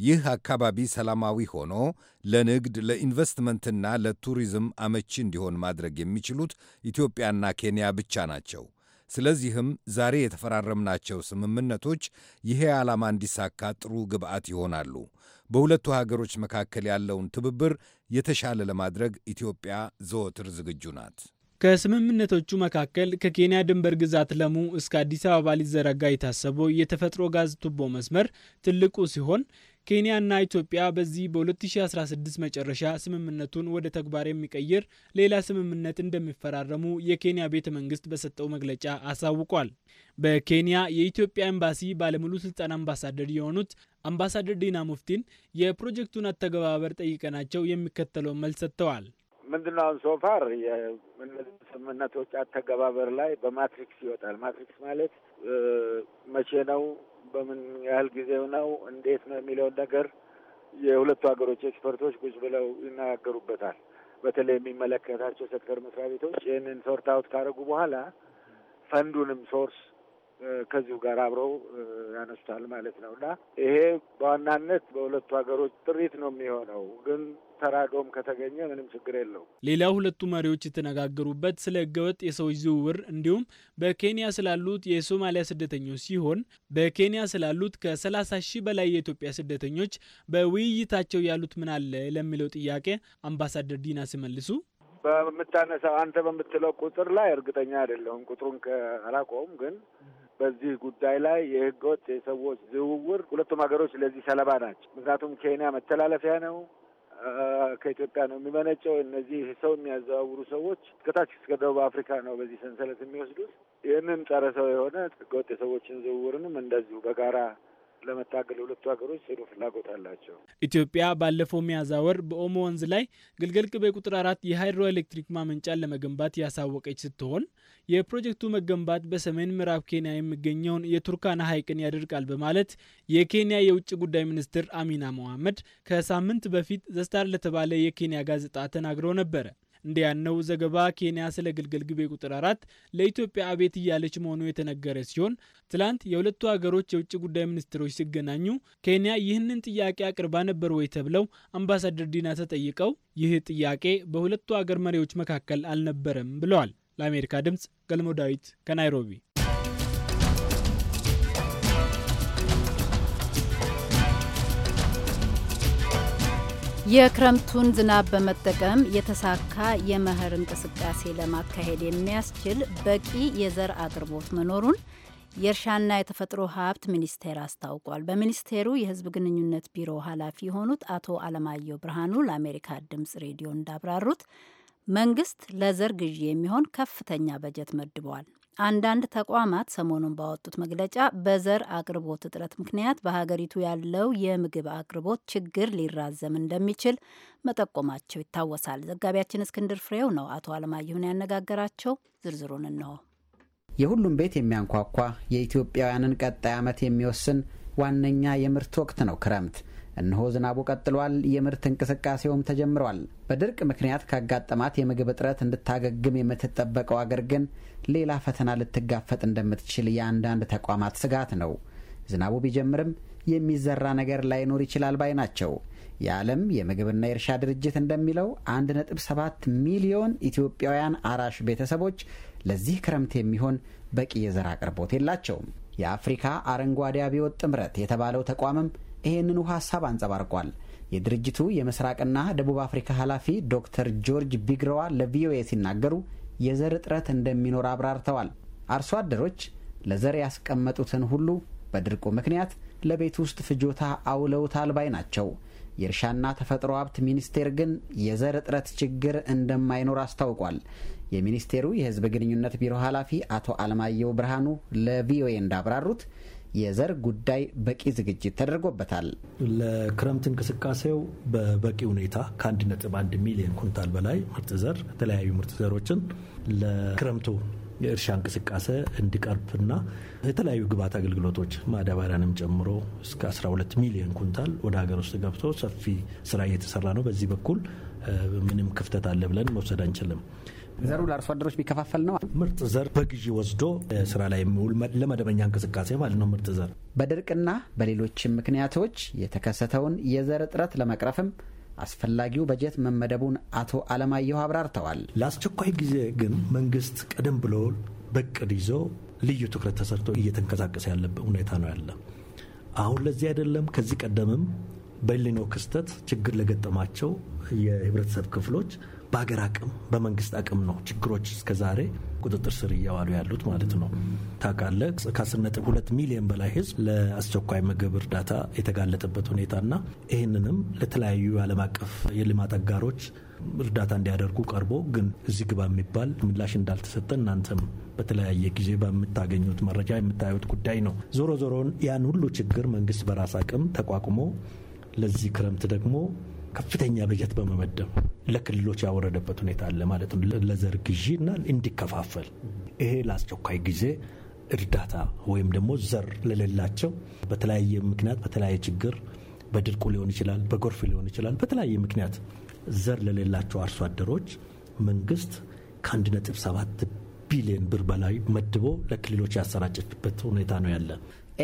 ይህ አካባቢ ሰላማዊ ሆኖ ለንግድ ለኢንቨስትመንትና ለቱሪዝም አመቺ እንዲሆን ማድረግ የሚችሉት ኢትዮጵያና ኬንያ ብቻ ናቸው። ስለዚህም ዛሬ የተፈራረምናቸው ስምምነቶች ይሄ ዓላማ እንዲሳካ ጥሩ ግብአት ይሆናሉ። በሁለቱ ሀገሮች መካከል ያለውን ትብብር የተሻለ ለማድረግ ኢትዮጵያ ዘወትር ዝግጁ ናት። ከስምምነቶቹ መካከል ከኬንያ ድንበር ግዛት ለሙ እስከ አዲስ አበባ ሊዘረጋ የታሰበው የተፈጥሮ ጋዝ ቱቦ መስመር ትልቁ ሲሆን ኬንያና ኢትዮጵያ በዚህ በ2016 መጨረሻ ስምምነቱን ወደ ተግባር የሚቀይር ሌላ ስምምነት እንደሚፈራረሙ የኬንያ ቤተ መንግስት በሰጠው መግለጫ አሳውቋል። በኬንያ የኢትዮጵያ ኤምባሲ ባለሙሉ ስልጣን አምባሳደር የሆኑት አምባሳደር ዲና ሙፍቲን የፕሮጀክቱን አተገባበር ጠይቀናቸው የሚከተለውን መልስ ሰጥተዋል። ምንድነው ሶፋር እነዚህ ስምምነቶች አተገባበር ላይ በማትሪክስ ይወጣል። ማትሪክስ ማለት መቼ ነው በምን ያህል ጊዜው ነው፣ እንዴት ነው የሚለውን ነገር የሁለቱ ሀገሮች ኤክስፐርቶች ቁጭ ብለው ይነጋገሩበታል። በተለይ የሚመለከታቸው ሴክተር መስሪያ ቤቶች ይህንን ሶርት አውት ካደረጉ በኋላ ፈንዱንም ሶርስ ከዚሁ ጋር አብረው ያነሱታል ማለት ነው እና ይሄ በዋናነት በሁለቱ ሀገሮች ጥሪት ነው የሚሆነው ግን ተራዶም ከተገኘ ምንም ችግር የለውም። ሌላው ሁለቱ መሪዎች የተነጋገሩበት ስለ ህገወጥ የሰዎች ዝውውር እንዲሁም በኬንያ ስላሉት የሶማሊያ ስደተኞች ሲሆን በኬንያ ስላሉት ከ30 ሺህ በላይ የኢትዮጵያ ስደተኞች በውይይታቸው ያሉት ምን አለ ለሚለው ጥያቄ አምባሳደር ዲና ሲመልሱ በምታነሳው አንተ በምትለው ቁጥር ላይ እርግጠኛ አይደለሁም፣ ቁጥሩን አላውቀውም ግን በዚህ ጉዳይ ላይ የህገወጥ የሰዎች ዝውውር ሁለቱም ሀገሮች ለዚህ ሰለባ ናቸው። ምክንያቱም ኬንያ መተላለፊያ ነው፣ ከኢትዮጵያ ነው የሚመነጨው። እነዚህ ሰው የሚያዘዋውሩ ሰዎች ከታች እስከ ደቡብ አፍሪካ ነው በዚህ ሰንሰለት የሚወስዱት። ይህንን ጸረ ሰው የሆነ ህገወጥ የሰዎችን ዝውውርንም እንደዚሁ በጋራ ለመታገል ሁለቱ ሀገሮች ጽኑ ፍላጎት አላቸው። ኢትዮጵያ ባለፈው ሚያዝያ ወር በኦሞ ወንዝ ላይ ግልገል ቅቤ ቁጥር አራት የሃይድሮ ኤሌክትሪክ ማመንጫን ለመገንባት ያሳወቀች ስትሆን የፕሮጀክቱ መገንባት በሰሜን ምዕራብ ኬንያ የሚገኘውን የቱርካና ሐይቅን ያደርቃል በማለት የኬንያ የውጭ ጉዳይ ሚኒስትር አሚና መሐመድ ከሳምንት በፊት ዘስታር ለተባለ የኬንያ ጋዜጣ ተናግረው ነበረ። እንደ ያነው ዘገባ ኬንያ ስለ ግልገል ግቤ ቁጥር አራት ለኢትዮጵያ አቤት እያለች መሆኑ የተነገረ ሲሆን ትላንት የሁለቱ ሀገሮች የውጭ ጉዳይ ሚኒስትሮች ሲገናኙ ኬንያ ይህንን ጥያቄ አቅርባ ነበር ወይ ተብለው አምባሳደር ዲና ተጠይቀው ይህ ጥያቄ በሁለቱ ሀገር መሪዎች መካከል አልነበረም ብለዋል። ለአሜሪካ ድምጽ ገልሞ ዳዊት ከናይሮቢ የክረምቱን ዝናብ በመጠቀም የተሳካ የመኸር እንቅስቃሴ ለማካሄድ የሚያስችል በቂ የዘር አቅርቦት መኖሩን የእርሻና የተፈጥሮ ሀብት ሚኒስቴር አስታውቋል። በሚኒስቴሩ የሕዝብ ግንኙነት ቢሮ ኃላፊ የሆኑት አቶ አለማየሁ ብርሃኑ ለአሜሪካ ድምጽ ሬዲዮ እንዳብራሩት መንግስት ለዘር ግዢ የሚሆን ከፍተኛ በጀት መድበዋል። አንዳንድ ተቋማት ሰሞኑን ባወጡት መግለጫ በዘር አቅርቦት እጥረት ምክንያት በሀገሪቱ ያለው የምግብ አቅርቦት ችግር ሊራዘም እንደሚችል መጠቆማቸው ይታወሳል። ዘጋቢያችን እስክንድር ፍሬው ነው አቶ አለማየሁን ያነጋገራቸው። ዝርዝሩን እንሆ። የሁሉም ቤት የሚያንኳኳ የኢትዮጵያውያንን ቀጣይ ዓመት የሚወስን ዋነኛ የምርት ወቅት ነው ክረምት። እነሆ ዝናቡ ቀጥሏል። የምርት እንቅስቃሴውም ተጀምሯል። በድርቅ ምክንያት ካጋጠማት የምግብ እጥረት እንድታገግም የምትጠበቀው አገር ግን ሌላ ፈተና ልትጋፈጥ እንደምትችል የአንዳንድ ተቋማት ስጋት ነው። ዝናቡ ቢጀምርም የሚዘራ ነገር ላይኖር ይችላል ባይ ናቸው። የዓለም የምግብና የእርሻ ድርጅት እንደሚለው 1.7 ሚሊዮን ኢትዮጵያውያን አራሽ ቤተሰቦች ለዚህ ክረምት የሚሆን በቂ የዘር አቅርቦት የላቸውም። የአፍሪካ አረንጓዴ አብዮት ጥምረት የተባለው ተቋምም ይህንኑ ሀሳብ አንጸባርቋል። የድርጅቱ የምስራቅና ደቡብ አፍሪካ ኃላፊ ዶክተር ጆርጅ ቢግረዋ ለቪኦኤ ሲናገሩ የዘር እጥረት እንደሚኖር አብራርተዋል። አርሶ አደሮች ለዘር ያስቀመጡትን ሁሉ በድርቁ ምክንያት ለቤት ውስጥ ፍጆታ አውለውታል ባይ ናቸው። የእርሻና ተፈጥሮ ሀብት ሚኒስቴር ግን የዘር እጥረት ችግር እንደማይኖር አስታውቋል። የሚኒስቴሩ የሕዝብ ግንኙነት ቢሮ ኃላፊ አቶ አለማየሁ ብርሃኑ ለቪኦኤ እንዳብራሩት የዘር ጉዳይ በቂ ዝግጅት ተደርጎበታል። ለክረምት እንቅስቃሴው በበቂ ሁኔታ ከ 1 ሚሊዮን ኩንታል በላይ ምርጥ ዘር የተለያዩ ምርጥ ዘሮችን ለክረምቱ የእርሻ እንቅስቃሴ እንዲቀርብና የተለያዩ ግብዓት አገልግሎቶች ማዳበሪያንም ጨምሮ እስከ 12 ሚሊዮን ኩንታል ወደ ሀገር ውስጥ ገብቶ ሰፊ ስራ እየተሰራ ነው። በዚህ በኩል ምንም ክፍተት አለ ብለን መውሰድ አንችልም። ዘሩ ለአርሶ አደሮች ቢከፋፈል ነው ምርጥ ዘር በግዢ ወስዶ ስራ ላይ የሚውል ለመደበኛ እንቅስቃሴ ማለት ነው። ምርጥ ዘር በድርቅና በሌሎችም ምክንያቶች የተከሰተውን የዘር እጥረት ለመቅረፍም አስፈላጊው በጀት መመደቡን አቶ አለማየሁ አብራርተዋል። ለአስቸኳይ ጊዜ ግን መንግስት ቀደም ብሎ በቅድ ይዞ ልዩ ትኩረት ተሰርቶ እየተንቀሳቀሰ ያለበት ሁኔታ ነው ያለ። አሁን ለዚህ አይደለም ከዚህ ቀደምም በሊኖ ክስተት ችግር ለገጠማቸው የህብረተሰብ ክፍሎች በሀገር አቅም በመንግስት አቅም ነው ችግሮች እስከዛሬ ቁጥጥር ስር እያዋሉ ያሉት ማለት ነው። ታውቃለህ ከአስር ነጥብ ሚሊዮን በላይ ህዝብ ለአስቸኳይ ምግብ እርዳታ የተጋለጠበት ሁኔታና ይህንንም ለተለያዩ ዓለም አቀፍ የልማት አጋሮች እርዳታ እንዲያደርጉ ቀርቦ ግን እዚህ ግባ የሚባል ምላሽ እንዳልተሰጠ እናንተም በተለያየ ጊዜ በምታገኙት መረጃ የምታዩት ጉዳይ ነው። ዞሮ ዞሮን ያን ሁሉ ችግር መንግስት በራስ አቅም ተቋቁሞ ለዚህ ክረምት ደግሞ ከፍተኛ በጀት በመመደብ ለክልሎች ያወረደበት ሁኔታ አለ ማለት ነው። ለዘር ግዢ እና እንዲከፋፈል ይሄ ለአስቸኳይ ጊዜ እርዳታ ወይም ደግሞ ዘር ለሌላቸው በተለያየ ምክንያት በተለያየ ችግር በድርቁ ሊሆን ይችላል፣ በጎርፍ ሊሆን ይችላል፣ በተለያየ ምክንያት ዘር ለሌላቸው አርሶ አደሮች መንግስት ከ1.7 ቢሊዮን ብር በላይ መድቦ ለክልሎች ያሰራጨችበት ሁኔታ ነው ያለ።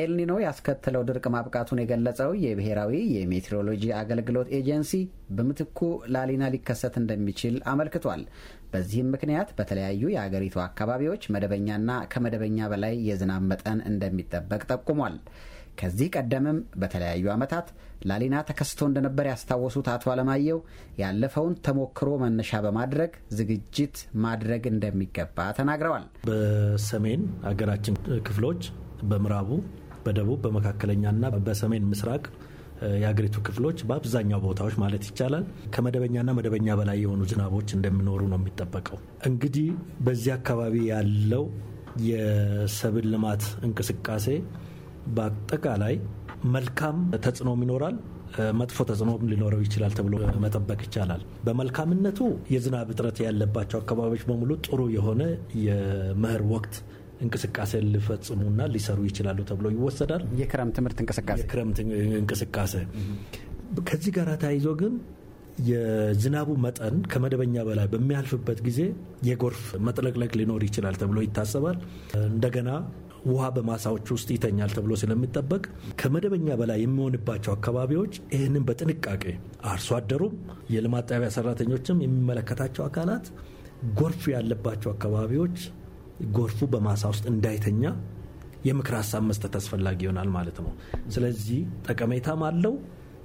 ኤልኒኖ ያስከተለው ድርቅ ማብቃቱን የገለጸው የብሔራዊ የሜትሮሎጂ አገልግሎት ኤጀንሲ በምትኩ ላሊና ሊከሰት እንደሚችል አመልክቷል። በዚህም ምክንያት በተለያዩ የአገሪቱ አካባቢዎች መደበኛና ከመደበኛ በላይ የዝናብ መጠን እንደሚጠበቅ ጠቁሟል። ከዚህ ቀደምም በተለያዩ ዓመታት ላሊና ተከስቶ እንደነበር ያስታወሱት አቶ አለማየሁ ያለፈውን ተሞክሮ መነሻ በማድረግ ዝግጅት ማድረግ እንደሚገባ ተናግረዋል። በሰሜን አገራችን ክፍሎች በምዕራቡ በደቡብ በመካከለኛና በሰሜን ምስራቅ የሀገሪቱ ክፍሎች በአብዛኛው ቦታዎች ማለት ይቻላል ከመደበኛና መደበኛ በላይ የሆኑ ዝናቦች እንደሚኖሩ ነው የሚጠበቀው። እንግዲህ በዚህ አካባቢ ያለው የሰብል ልማት እንቅስቃሴ በአጠቃላይ መልካም ተጽዕኖም ይኖራል፣ መጥፎ ተጽዕኖም ሊኖረው ይችላል ተብሎ መጠበቅ ይቻላል። በመልካምነቱ የዝናብ እጥረት ያለባቸው አካባቢዎች በሙሉ ጥሩ የሆነ የመኸር ወቅት እንቅስቃሴ ሊፈጽሙና ሊሰሩ ይችላሉ ተብሎ ይወሰዳል። የክረምት ትምህርት እንቅስቃሴ የክረምት እንቅስቃሴ ከዚህ ጋር ተያይዞ ግን የዝናቡ መጠን ከመደበኛ በላይ በሚያልፍበት ጊዜ የጎርፍ መጥለቅለቅ ሊኖር ይችላል ተብሎ ይታሰባል። እንደገና ውሃ በማሳዎች ውስጥ ይተኛል ተብሎ ስለሚጠበቅ ከመደበኛ በላይ የሚሆንባቸው አካባቢዎች ይህንን በጥንቃቄ አርሶ አደሩም የልማት ጣቢያ ሰራተኞችም የሚመለከታቸው አካላት ጎርፍ ያለባቸው አካባቢዎች ጎርፉ በማሳ ውስጥ እንዳይተኛ የምክር ሀሳብ መስጠት አስፈላጊ ይሆናል ማለት ነው። ስለዚህ ጠቀሜታም አለው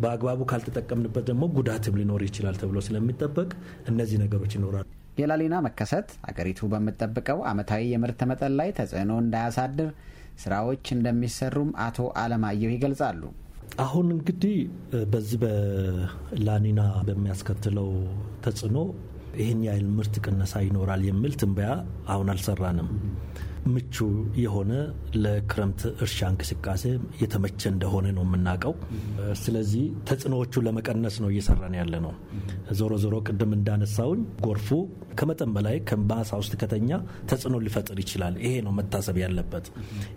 በአግባቡ ካልተጠቀምንበት ደግሞ ጉዳትም ሊኖር ይችላል ተብሎ ስለሚጠበቅ እነዚህ ነገሮች ይኖራሉ። የላሊና መከሰት አገሪቱ በምትጠብቀው ዓመታዊ የምርት መጠን ላይ ተጽዕኖ እንዳያሳድር ስራዎች እንደሚሰሩም አቶ አለማየሁ ይገልጻሉ። አሁን እንግዲህ በዚህ በላኒና በሚያስከትለው ተጽዕኖ ይህን ያህል ምርት ቅነሳ ይኖራል የሚል ትንበያ አሁን አልሰራንም። ምቹ የሆነ ለክረምት እርሻ እንቅስቃሴ የተመቸ እንደሆነ ነው የምናውቀው። ስለዚህ ተጽዕኖዎቹ ለመቀነስ ነው እየሰራን ያለ ነው። ዞሮ ዞሮ ቅድም እንዳነሳውኝ ጎርፉ ከመጠን በላይ ከማሳ ውስጥ ከተኛ ተጽዕኖ ሊፈጥር ይችላል። ይሄ ነው መታሰብ ያለበት።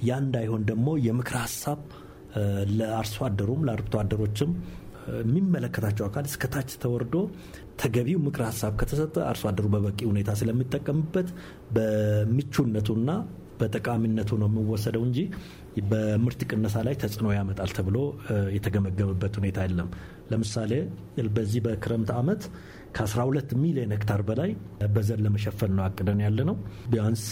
ያ እንዳይሆን ደግሞ የምክር ሀሳብ ለአርሶ አደሩም ለአርብቶ አደሮችም የሚመለከታቸው አካል እስከታች ተወርዶ ተገቢው ምክር ሀሳብ ከተሰጠ አርሶ አደሩ በበቂ ሁኔታ ስለሚጠቀምበት በምቹነቱና በጠቃሚነቱ ነው የሚወሰደው እንጂ በምርት ቅነሳ ላይ ተጽዕኖ ያመጣል ተብሎ የተገመገመበት ሁኔታ የለም። ለምሳሌ በዚህ በክረምት ዓመት ከ12 ሚሊዮን ሄክታር በላይ በዘር ለመሸፈን ነው አቅደን ያለ ነው። ቢያንስ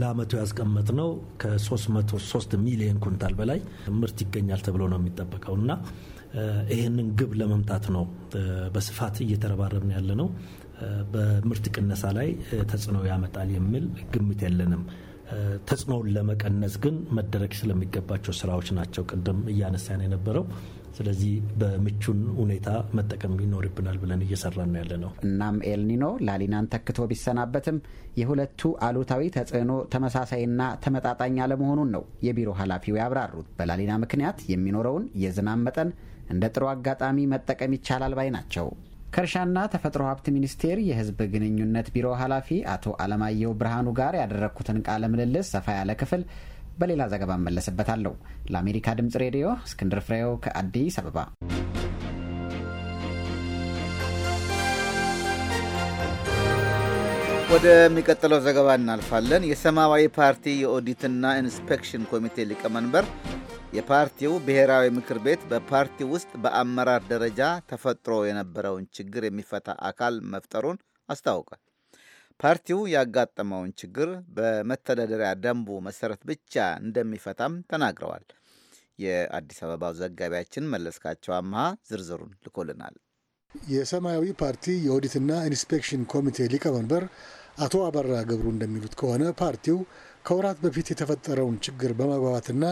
ለአመቱ ያስቀመጥ ነው ከ303 ሚሊዮን ኩንታል በላይ ምርት ይገኛል ተብሎ ነው የሚጠበቀው እና ይህንን ግብ ለመምጣት ነው በስፋት እየተረባረብን ያለ ነው። በምርት ቅነሳ ላይ ተጽዕኖ ያመጣል የሚል ግምት የለንም። ተጽዕኖውን ለመቀነስ ግን መደረግ ስለሚገባቸው ስራዎች ናቸው ቅድም እያነሳን የነበረው። ስለዚህ በምቹን ሁኔታ መጠቀም ይኖርብናል ብለን እየሰራን ነው ያለ ነው። እናም ኤልኒኖ ላሊናን ተክቶ ቢሰናበትም የሁለቱ አሉታዊ ተጽዕኖ ተመሳሳይና ተመጣጣኝ አለመሆኑን ነው የቢሮ ኃላፊው ያብራሩት። በላሊና ምክንያት የሚኖረውን የዝናብ መጠን እንደ ጥሩ አጋጣሚ መጠቀም ይቻላል ባይ ናቸው። ከእርሻና ተፈጥሮ ሀብት ሚኒስቴር የሕዝብ ግንኙነት ቢሮ ኃላፊ አቶ አለማየሁ ብርሃኑ ጋር ያደረግኩትን ቃለ ምልልስ ሰፋ ያለ ክፍል በሌላ ዘገባ እመለስበታለሁ። ለአሜሪካ ድምፅ ሬዲዮ እስክንድር ፍሬው ከአዲስ አበባ ወደሚቀጥለው ዘገባ እናልፋለን። የሰማያዊ ፓርቲ የኦዲትና ኢንስፔክሽን ኮሚቴ ሊቀመንበር የፓርቲው ብሔራዊ ምክር ቤት በፓርቲ ውስጥ በአመራር ደረጃ ተፈጥሮ የነበረውን ችግር የሚፈታ አካል መፍጠሩን አስታውቋል። ፓርቲው ያጋጠመውን ችግር በመተዳደሪያ ደንቡ መሰረት ብቻ እንደሚፈታም ተናግረዋል። የአዲስ አበባው ዘጋቢያችን መለስካቸው አምሃ ዝርዝሩን ልኮልናል። የሰማያዊ ፓርቲ የኦዲትና ኢንስፔክሽን ኮሚቴ ሊቀመንበር አቶ አበራ ገብሩ እንደሚሉት ከሆነ ፓርቲው ከወራት በፊት የተፈጠረውን ችግር በመግባባትና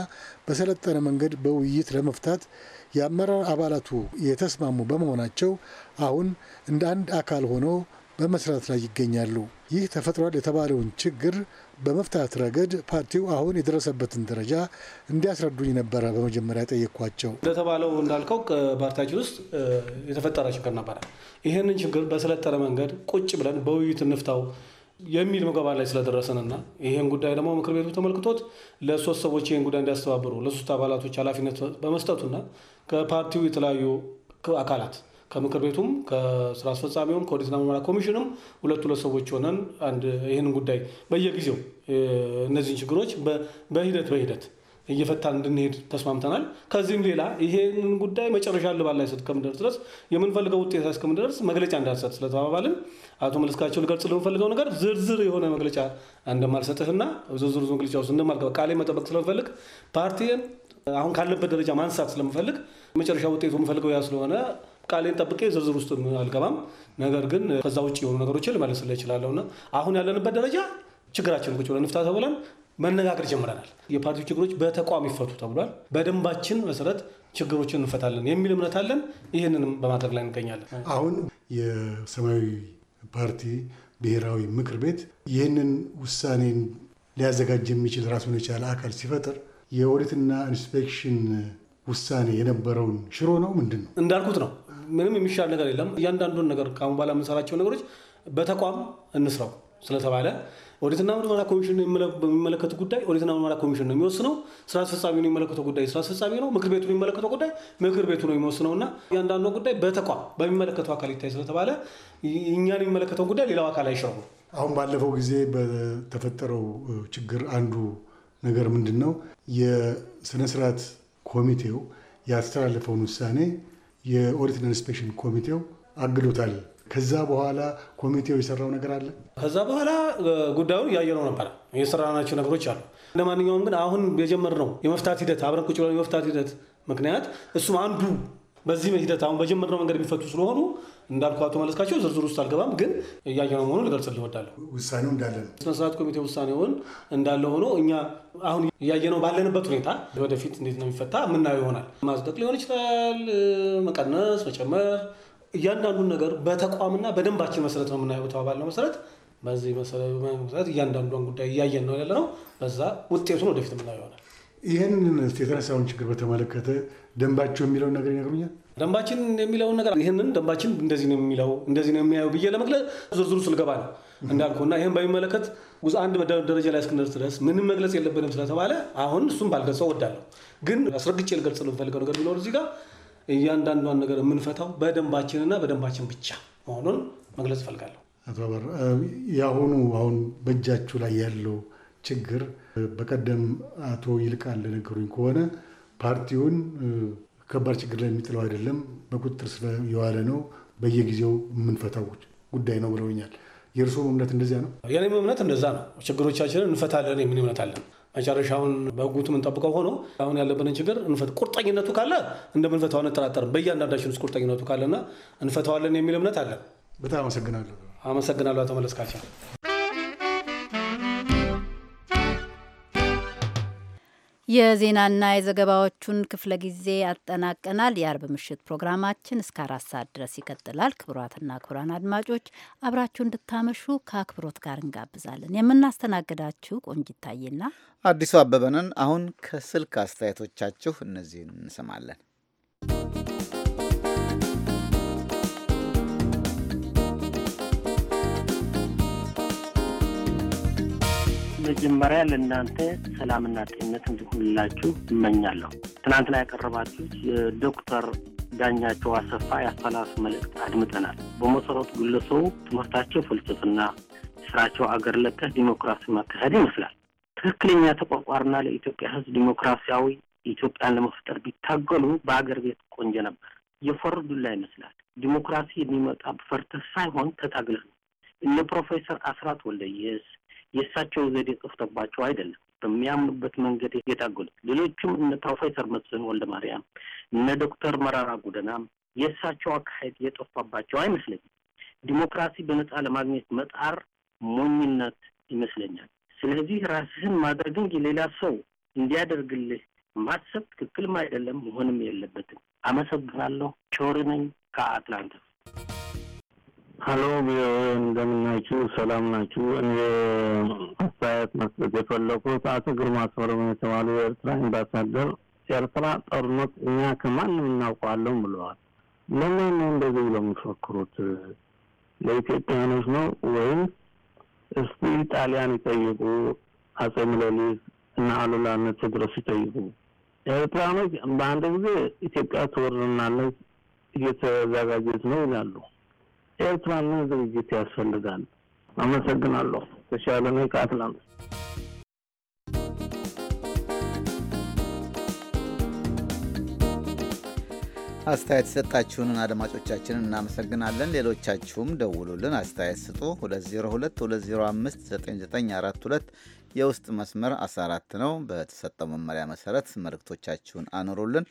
በሰለጠነ መንገድ በውይይት ለመፍታት የአመራር አባላቱ የተስማሙ በመሆናቸው አሁን እንደ አንድ አካል ሆነው በመስራት ላይ ይገኛሉ። ይህ ተፈጥሯል የተባለውን ችግር በመፍታት ረገድ ፓርቲው አሁን የደረሰበትን ደረጃ እንዲያስረዱኝ ነበረ በመጀመሪያ ጠየኳቸው። እንደተባለው እንዳልከው ፓርቲያችን ውስጥ የተፈጠረ ችግር ነበረ። ይህንን ችግር በሰለጠነ መንገድ ቁጭ ብለን በውይይት እንፍታው የሚል ምገባ ላይ ስለደረሰንና ይህን ጉዳይ ደግሞ ምክር ቤቱ ተመልክቶት ለሶስት ሰዎች ይህን ጉዳይ እንዲያስተባብሩ ለሶስት አባላቶች ኃላፊነት በመስጠቱና ከፓርቲው የተለያዩ አካላት ከምክር ቤቱም ከስራ አስፈጻሚውም ከኦዲትና ምርመራ ኮሚሽንም ሁለት ሁለት ሰዎች ሆነን አንድ ጉዳይ በየጊዜው እነዚህን ችግሮች በሂደት በሂደት እየፈታን እንድንሄድ ተስማምተናል። ከዚህም ሌላ ይሄንን ጉዳይ መጨረሻ እልባት ላይ እስከምንደርስ ድረስ የምንፈልገው ውጤት እስከምንደርስ መግለጫ እንዳትሰጥ ስለተባባልን አቶ መለስካቸው ልገልጽ ለምፈልገው ነገር ዝርዝር የሆነ መግለጫ እንደማልሰጥህና ዝርዝር መግለጫ ውስጥ እንደማልገባ ቃሌ መጠበቅ ስለምፈልግ ፓርቲን አሁን ካለበት ደረጃ ማንሳት ስለምፈልግ መጨረሻ ውጤቱ የምፈልገው ያ ስለሆነ ቃሌን ጠብቄ ዝርዝር ውስጥ አልገባም። ነገር ግን ከዛ ውጭ የሆኑ ነገሮችን ልመለስልህ እችላለሁ አሁን ያለንበት ደረጃ ችግራችን ቁጭ ብለን እንፍታ ተብለን መነጋገር ጀምረናል። የፓርቲው ችግሮች በተቋም ይፈቱ ተብሏል። በደንባችን መሰረት ችግሮችን እንፈታለን የሚል እምነት አለን። ይህንንም በማድረግ ላይ እንገኛለን። አሁን የሰማያዊ ፓርቲ ብሔራዊ ምክር ቤት ይህንን ውሳኔን ሊያዘጋጅ የሚችል ራሱን የቻለ አካል ሲፈጥር የኦዲትና ኢንስፔክሽን ውሳኔ የነበረውን ሽሮ ነው ምንድን ነው እንዳልኩት ነው። ምንም የሚሻል ነገር የለም። እያንዳንዱን ነገር ከአሁን በኋላ የምንሰራቸው ነገሮች በተቋም እንስራው ስለተባለ ኦዲትና ምርመራ ኮሚሽን የሚመለከቱ ጉዳይ ኦዲትና ምርመራ ኮሚሽን ነው የሚወስነው። ስራ አስፈጻሚውን የሚመለከተው ጉዳይ ስራ አስፈጻሚ ነው። ምክር ቤቱ የሚመለከተው ጉዳይ ምክር ቤቱ ነው የሚወስነው እና እያንዳንዱ ጉዳይ በተቋም በሚመለከተው አካል ይታይ ስለተባለ እኛን የሚመለከተውን ጉዳይ ሌላው አካል አይሻሩም። አሁን ባለፈው ጊዜ በተፈጠረው ችግር አንዱ ነገር ምንድን ነው? የስነስርዓት ኮሚቴው ያስተላለፈውን ውሳኔ የኦዲትና ኢንስፔክሽን ኮሚቴው አግዶታል ከዛ በኋላ ኮሚቴው የሰራው ነገር አለ። ከዛ በኋላ ጉዳዩን እያየነው ነበረ። የሰራናቸው ነገሮች አሉ። ለማንኛውም ግን አሁን የጀመርነው የመፍታት ሂደት አብረን ቁጭ ብለን የመፍታት ሂደት ምክንያት እሱም አንዱ በዚህ ሂደት አሁን በጀመርነው መንገድ የሚፈቱ ስለሆኑ እንዳልኩ አቶ መለስካቸው ዝርዝር ውስጥ አልገባም፣ ግን እያየነው መሆኑን ልገልጽልህ እወዳለሁ። ውሳኔው እንዳለ ነው። ስነስርዓት ኮሚቴ ውሳኔውን እንዳለ ሆኖ እኛ አሁን እያየነው ባለንበት ሁኔታ ወደፊት እንዴት ነው የሚፈታ የምናየው ይሆናል። ማጽደቅ ሊሆን ይችላል፣ መቀነስ፣ መጨመር እያንዳንዱን ነገር በተቋምና በደንባችን መሰረት ነው የምናየው። ተባባልነው መሰረት በዚህ መሰረት እያንዳንዷን ጉዳይ እያየን ነው ያለ ነው። በዛ ውጤቱን ወደፊት የምናየው ይሆናል። ይህንን የተነሳውን ችግር በተመለከተ ደንባቸው የሚለውን ነገር ይነግሩኛል። ደንባችን የሚለውን ነገር ይህንን ደንባችን እንደዚህ ነው የሚለው እንደዚህ ነው የሚያየው ብዬ ለመግለጽ ዝርዝሩ ስልገባ ነው እንዳልኩ እና ይህን በሚመለከት አንድ ደረጃ ላይ እስክንደርስ ድረስ ምንም መግለጽ የለብንም ስለተባለ አሁን እሱም ባልገልጸው እወዳለሁ። ግን አስረግጬ ልገልጽ ነው የምፈልገው ነገር ቢኖር እዚህ ጋር እያንዳንዷን ነገር የምንፈታው በደንባችንና በደንባችን ብቻ መሆኑን መግለጽ እፈልጋለሁ። አቶ አበር የአሁኑ አሁን በእጃችሁ ላይ ያለው ችግር በቀደም አቶ ይልቃል እንደነገሩኝ ከሆነ ፓርቲውን ከባድ ችግር ላይ የሚጥለው አይደለም፣ በቁጥጥር ስር የዋለ ነው፣ በየጊዜው የምንፈታው ጉዳይ ነው ብለውኛል። የእርስዎም እምነት እንደዚያ ነው? የኔም እምነት እንደዛ ነው። ችግሮቻችንን እንፈታለን የምን እምነት አለን። መጨረሻውን በህጉቱ የምንጠብቀው ሆኖ አሁን ያለብንን ችግር እንፈት ቁርጠኝነቱ ካለ እንደምንፈታው አንጠራጠርም። በእያንዳንዳችን ውስጥ ቁርጠኝነቱ ካለና እንፈተዋለን የሚል እምነት አለ። በጣም አመሰግናለሁ። አመሰግናለሁ አቶ መለስካቸው። የዜናና የዘገባዎቹን ክፍለ ጊዜ ያጠናቀናል። የአርብ ምሽት ፕሮግራማችን እስከ አራት ሰዓት ድረስ ይቀጥላል። ክቡራትና ክቡራን አድማጮች አብራችሁ እንድታመሹ ከአክብሮት ጋር እንጋብዛለን። የምናስተናግዳችሁ ቆንጂት ታዬና አዲሱ አበበንን። አሁን ከስልክ አስተያየቶቻችሁ እነዚህን እንሰማለን። መጀመሪያ ለእናንተ ሰላምና ጤንነት እንዲሆንላችሁ እመኛለሁ። ትናንትና ያቀረባችሁት የዶክተር ዳኛቸው አሰፋ የአስተላልፍ መልእክት አድምጠናል። በመሰረቱ ግለሰቡ ትምህርታቸው ፍልስፍና፣ ስራቸው አገር ለቀህ ዲሞክራሲ ማካሄድ ይመስላል። ትክክለኛ ተቋቋርና ለኢትዮጵያ ሕዝብ ዲሞክራሲያዊ ኢትዮጵያን ለመፍጠር ቢታገሉ በአገር ቤት ቆንጆ ነበር። የፈሩ ዱላ ይመስላል። ዲሞክራሲ የሚመጣ ፈርተህ ሳይሆን ተታግለህ ነው። እነ ፕሮፌሰር አስራት ወልደየስ የእሳቸው ዘዴ ጽፍተባቸው አይደለም በሚያምኑበት መንገድ የታገሉት ሌሎቹም እነ ፕሮፌሰር መስፍን ወልደ ማርያም እነ ዶክተር መራራ ጉደናም የእሳቸው አካሄድ የጠፋባቸው አይመስለኝም። ዲሞክራሲ በነጻ ለማግኘት መጣር ሞኝነት ይመስለኛል። ስለዚህ ራስህን ማድረግ እንጂ ሌላ ሰው እንዲያደርግልህ ማሰብ ትክክልም አይደለም፣ መሆንም የለበትም። አመሰግናለሁ። ቾር ነኝ ከአትላንታ አሎ ቪኦኤ እንደምናችሁ፣ ሰላም ናችሁ? እኔ አስተያየት መስጠት የፈለኩት አቶ ግርማ አስመሮም የተባሉ የኤርትራ ኤምባሳደር ኤርትራ ጦርነት እኛ ከማንም እናውቀዋለን ብለዋል። ለምን ነው እንደዚህ ብለው የሚፈክሩት? ለኢትዮጵያኖች ነው ወይም? እስቲ ጣሊያን ይጠይቁ፣ አጼ ምኒልክ እና አሉላነት ድረስ ይጠይቁ። ኤርትራኖች በአንድ ጊዜ ኢትዮጵያ ትወርናለች እየተዘጋጀት ነው ይላሉ። ኤርፕላንና ዝግጅት ያስፈልጋል። አመሰግናለሁ። ተሻለ ነኝ አስተያየት የሰጣችሁንን አድማጮቻችንን እናመሰግናለን። ሌሎቻችሁም ደውሉልን፣ አስተያየት ስጡ። 2022059942 የውስጥ መስመር 14 ነው። በተሰጠው መመሪያ መሰረት መልእክቶቻችሁን አኑሩልን።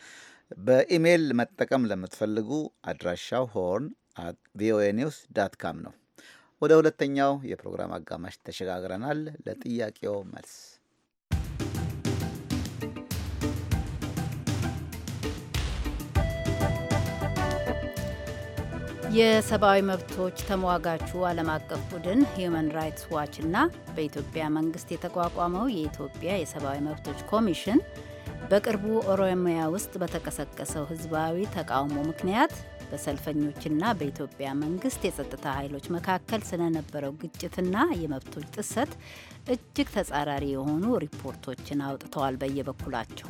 በኢሜይል መጠቀም ለምትፈልጉ አድራሻው ሆርን ቪኦኤ ኒውስ ዳት ካም ነው። ወደ ሁለተኛው የፕሮግራም አጋማሽ ተሸጋግረናል። ለጥያቄው መልስ የሰብአዊ መብቶች ተሟጋቹ ዓለም አቀፍ ቡድን ሂዩማን ራይትስ ዋች እና በኢትዮጵያ መንግስት የተቋቋመው የኢትዮጵያ የሰብአዊ መብቶች ኮሚሽን በቅርቡ ኦሮሚያ ውስጥ በተቀሰቀሰው ህዝባዊ ተቃውሞ ምክንያት በሰልፈኞችና በኢትዮጵያ መንግስት የጸጥታ ኃይሎች መካከል ስለነበረው ግጭትና የመብቶች ጥሰት እጅግ ተጻራሪ የሆኑ ሪፖርቶችን አውጥተዋል በየበኩላቸው።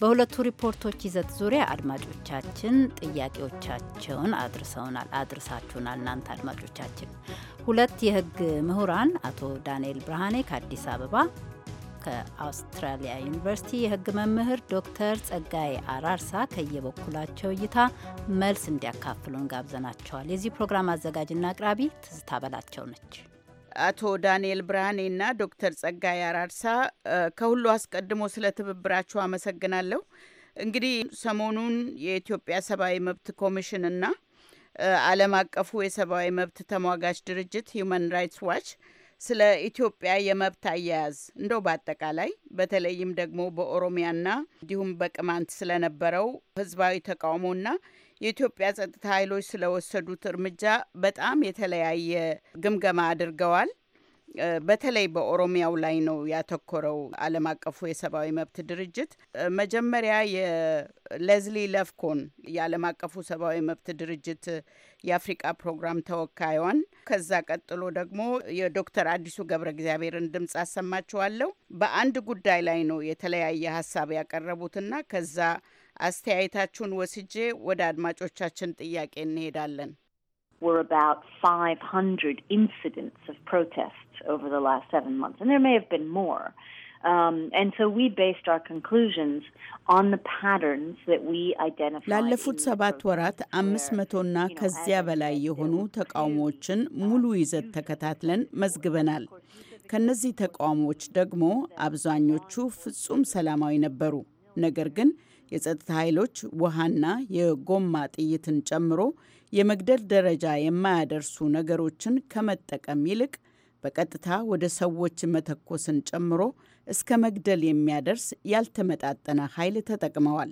በሁለቱ ሪፖርቶች ይዘት ዙሪያ አድማጮቻችን ጥያቄዎቻቸውን አድርሰውናል አድርሳችሁናል እናንተ አድማጮቻችን። ሁለት የህግ ምሁራን አቶ ዳንኤል ብርሃኔ ከአዲስ አበባ ከአውስትራሊያ ዩኒቨርሲቲ የህግ መምህር ዶክተር ጸጋዬ አራርሳ ከየበኩላቸው እይታ መልስ እንዲያካፍሉን ጋብዘናቸዋል። የዚህ ፕሮግራም አዘጋጅና አቅራቢ ትዝታ በላቸው ነች። አቶ ዳንኤል ብርሃኔና ዶክተር ጸጋዬ አራርሳ ከሁሉ አስቀድሞ ስለ ትብብራችሁ አመሰግናለሁ። እንግዲህ ሰሞኑን የኢትዮጵያ ሰብአዊ መብት ኮሚሽንና ዓለም አቀፉ የሰብአዊ መብት ተሟጋች ድርጅት ሂዩማን ራይትስ ዋች ስለ ኢትዮጵያ የመብት አያያዝ እንደው በአጠቃላይ በተለይም ደግሞ በኦሮሚያና እንዲሁም በቅማንት ስለነበረው ህዝባዊ ተቃውሞና የኢትዮጵያ ጸጥታ ኃይሎች ስለወሰዱት እርምጃ በጣም የተለያየ ግምገማ አድርገዋል። በተለይ በኦሮሚያው ላይ ነው ያተኮረው ዓለም አቀፉ የሰብአዊ መብት ድርጅት። መጀመሪያ የሌዝሊ ለፍኮን የዓለም አቀፉ ሰብአዊ መብት ድርጅት የአፍሪቃ ፕሮግራም ተወካይዋን፣ ከዛ ቀጥሎ ደግሞ የዶክተር አዲሱ ገብረ እግዚአብሔርን ድምፅ አሰማችኋለሁ። በአንድ ጉዳይ ላይ ነው የተለያየ ሀሳብ ያቀረቡትና ከዛ አስተያየታችሁን ወስጄ ወደ አድማጮቻችን ጥያቄ እንሄዳለን። were about 500 incidents of protests over the last seven months, and there may have been more. Um, ላለፉት ሰባት ወራት አምስት መቶና ከዚያ በላይ የሆኑ ተቃውሞዎችን ሙሉ uh, ይዘት ተከታትለን መዝግበናል። ከነዚህ ተቃውሞዎች ደግሞ አብዛኞቹ ፍጹም ሰላማዊ ነበሩ። ነገር ግን የጸጥታ ኃይሎች ውሃና የጎማ ጥይትን ጨምሮ የመግደል ደረጃ የማያደርሱ ነገሮችን ከመጠቀም ይልቅ በቀጥታ ወደ ሰዎች መተኮስን ጨምሮ እስከ መግደል የሚያደርስ ያልተመጣጠነ ኃይል ተጠቅመዋል።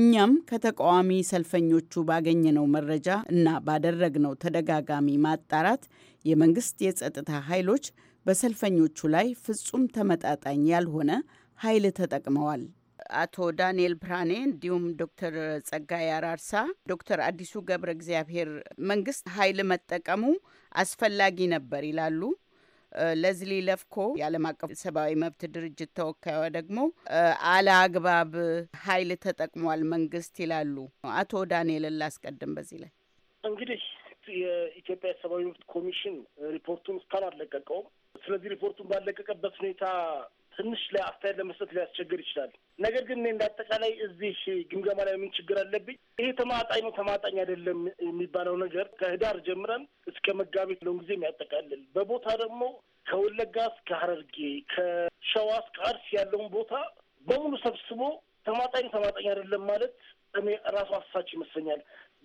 እኛም ከተቃዋሚ ሰልፈኞቹ ባገኘነው መረጃ እና ባደረግነው ተደጋጋሚ ማጣራት የመንግስት የጸጥታ ኃይሎች በሰልፈኞቹ ላይ ፍጹም ተመጣጣኝ ያልሆነ ኃይል ተጠቅመዋል። አቶ ዳንኤል ብርሃኔ እንዲሁም ዶክተር ጸጋይ አራርሳ፣ ዶክተር አዲሱ ገብረ እግዚአብሔር መንግስት ኃይል መጠቀሙ አስፈላጊ ነበር ይላሉ። ለዝሊ ለፍኮ የዓለም አቀፍ ሰብአዊ መብት ድርጅት ተወካዩ ደግሞ አለ አግባብ ኃይል ተጠቅሟል መንግስት ይላሉ። አቶ ዳንኤል ላስቀድም በዚህ ላይ እንግዲህ የኢትዮጵያ የሰብአዊ መብት ኮሚሽን ሪፖርቱን እስካሁን ስለዚህ ሪፖርቱን ባለቀቀበት ሁኔታ ትንሽ ላይ አስተያየት ለመስጠት ሊያስቸግር ይችላል። ነገር ግን እኔ እንዳጠቃላይ እዚህ ግምገማ ላይ ምን ችግር አለብኝ? ይሄ ተማጣኝ ነው ተማጣኝ አይደለም የሚባለው ነገር ከህዳር ጀምረን እስከ መጋቢት ለውን ጊዜ የሚያጠቃልል በቦታ ደግሞ ከወለጋ እስከ ሐረርጌ ከሸዋ እስከ አርሲ ያለውን ቦታ በሙሉ ሰብስቦ ተማጣኝ ተማጣኝ አይደለም ማለት እኔ ራሱ አሳች ይመስለኛል።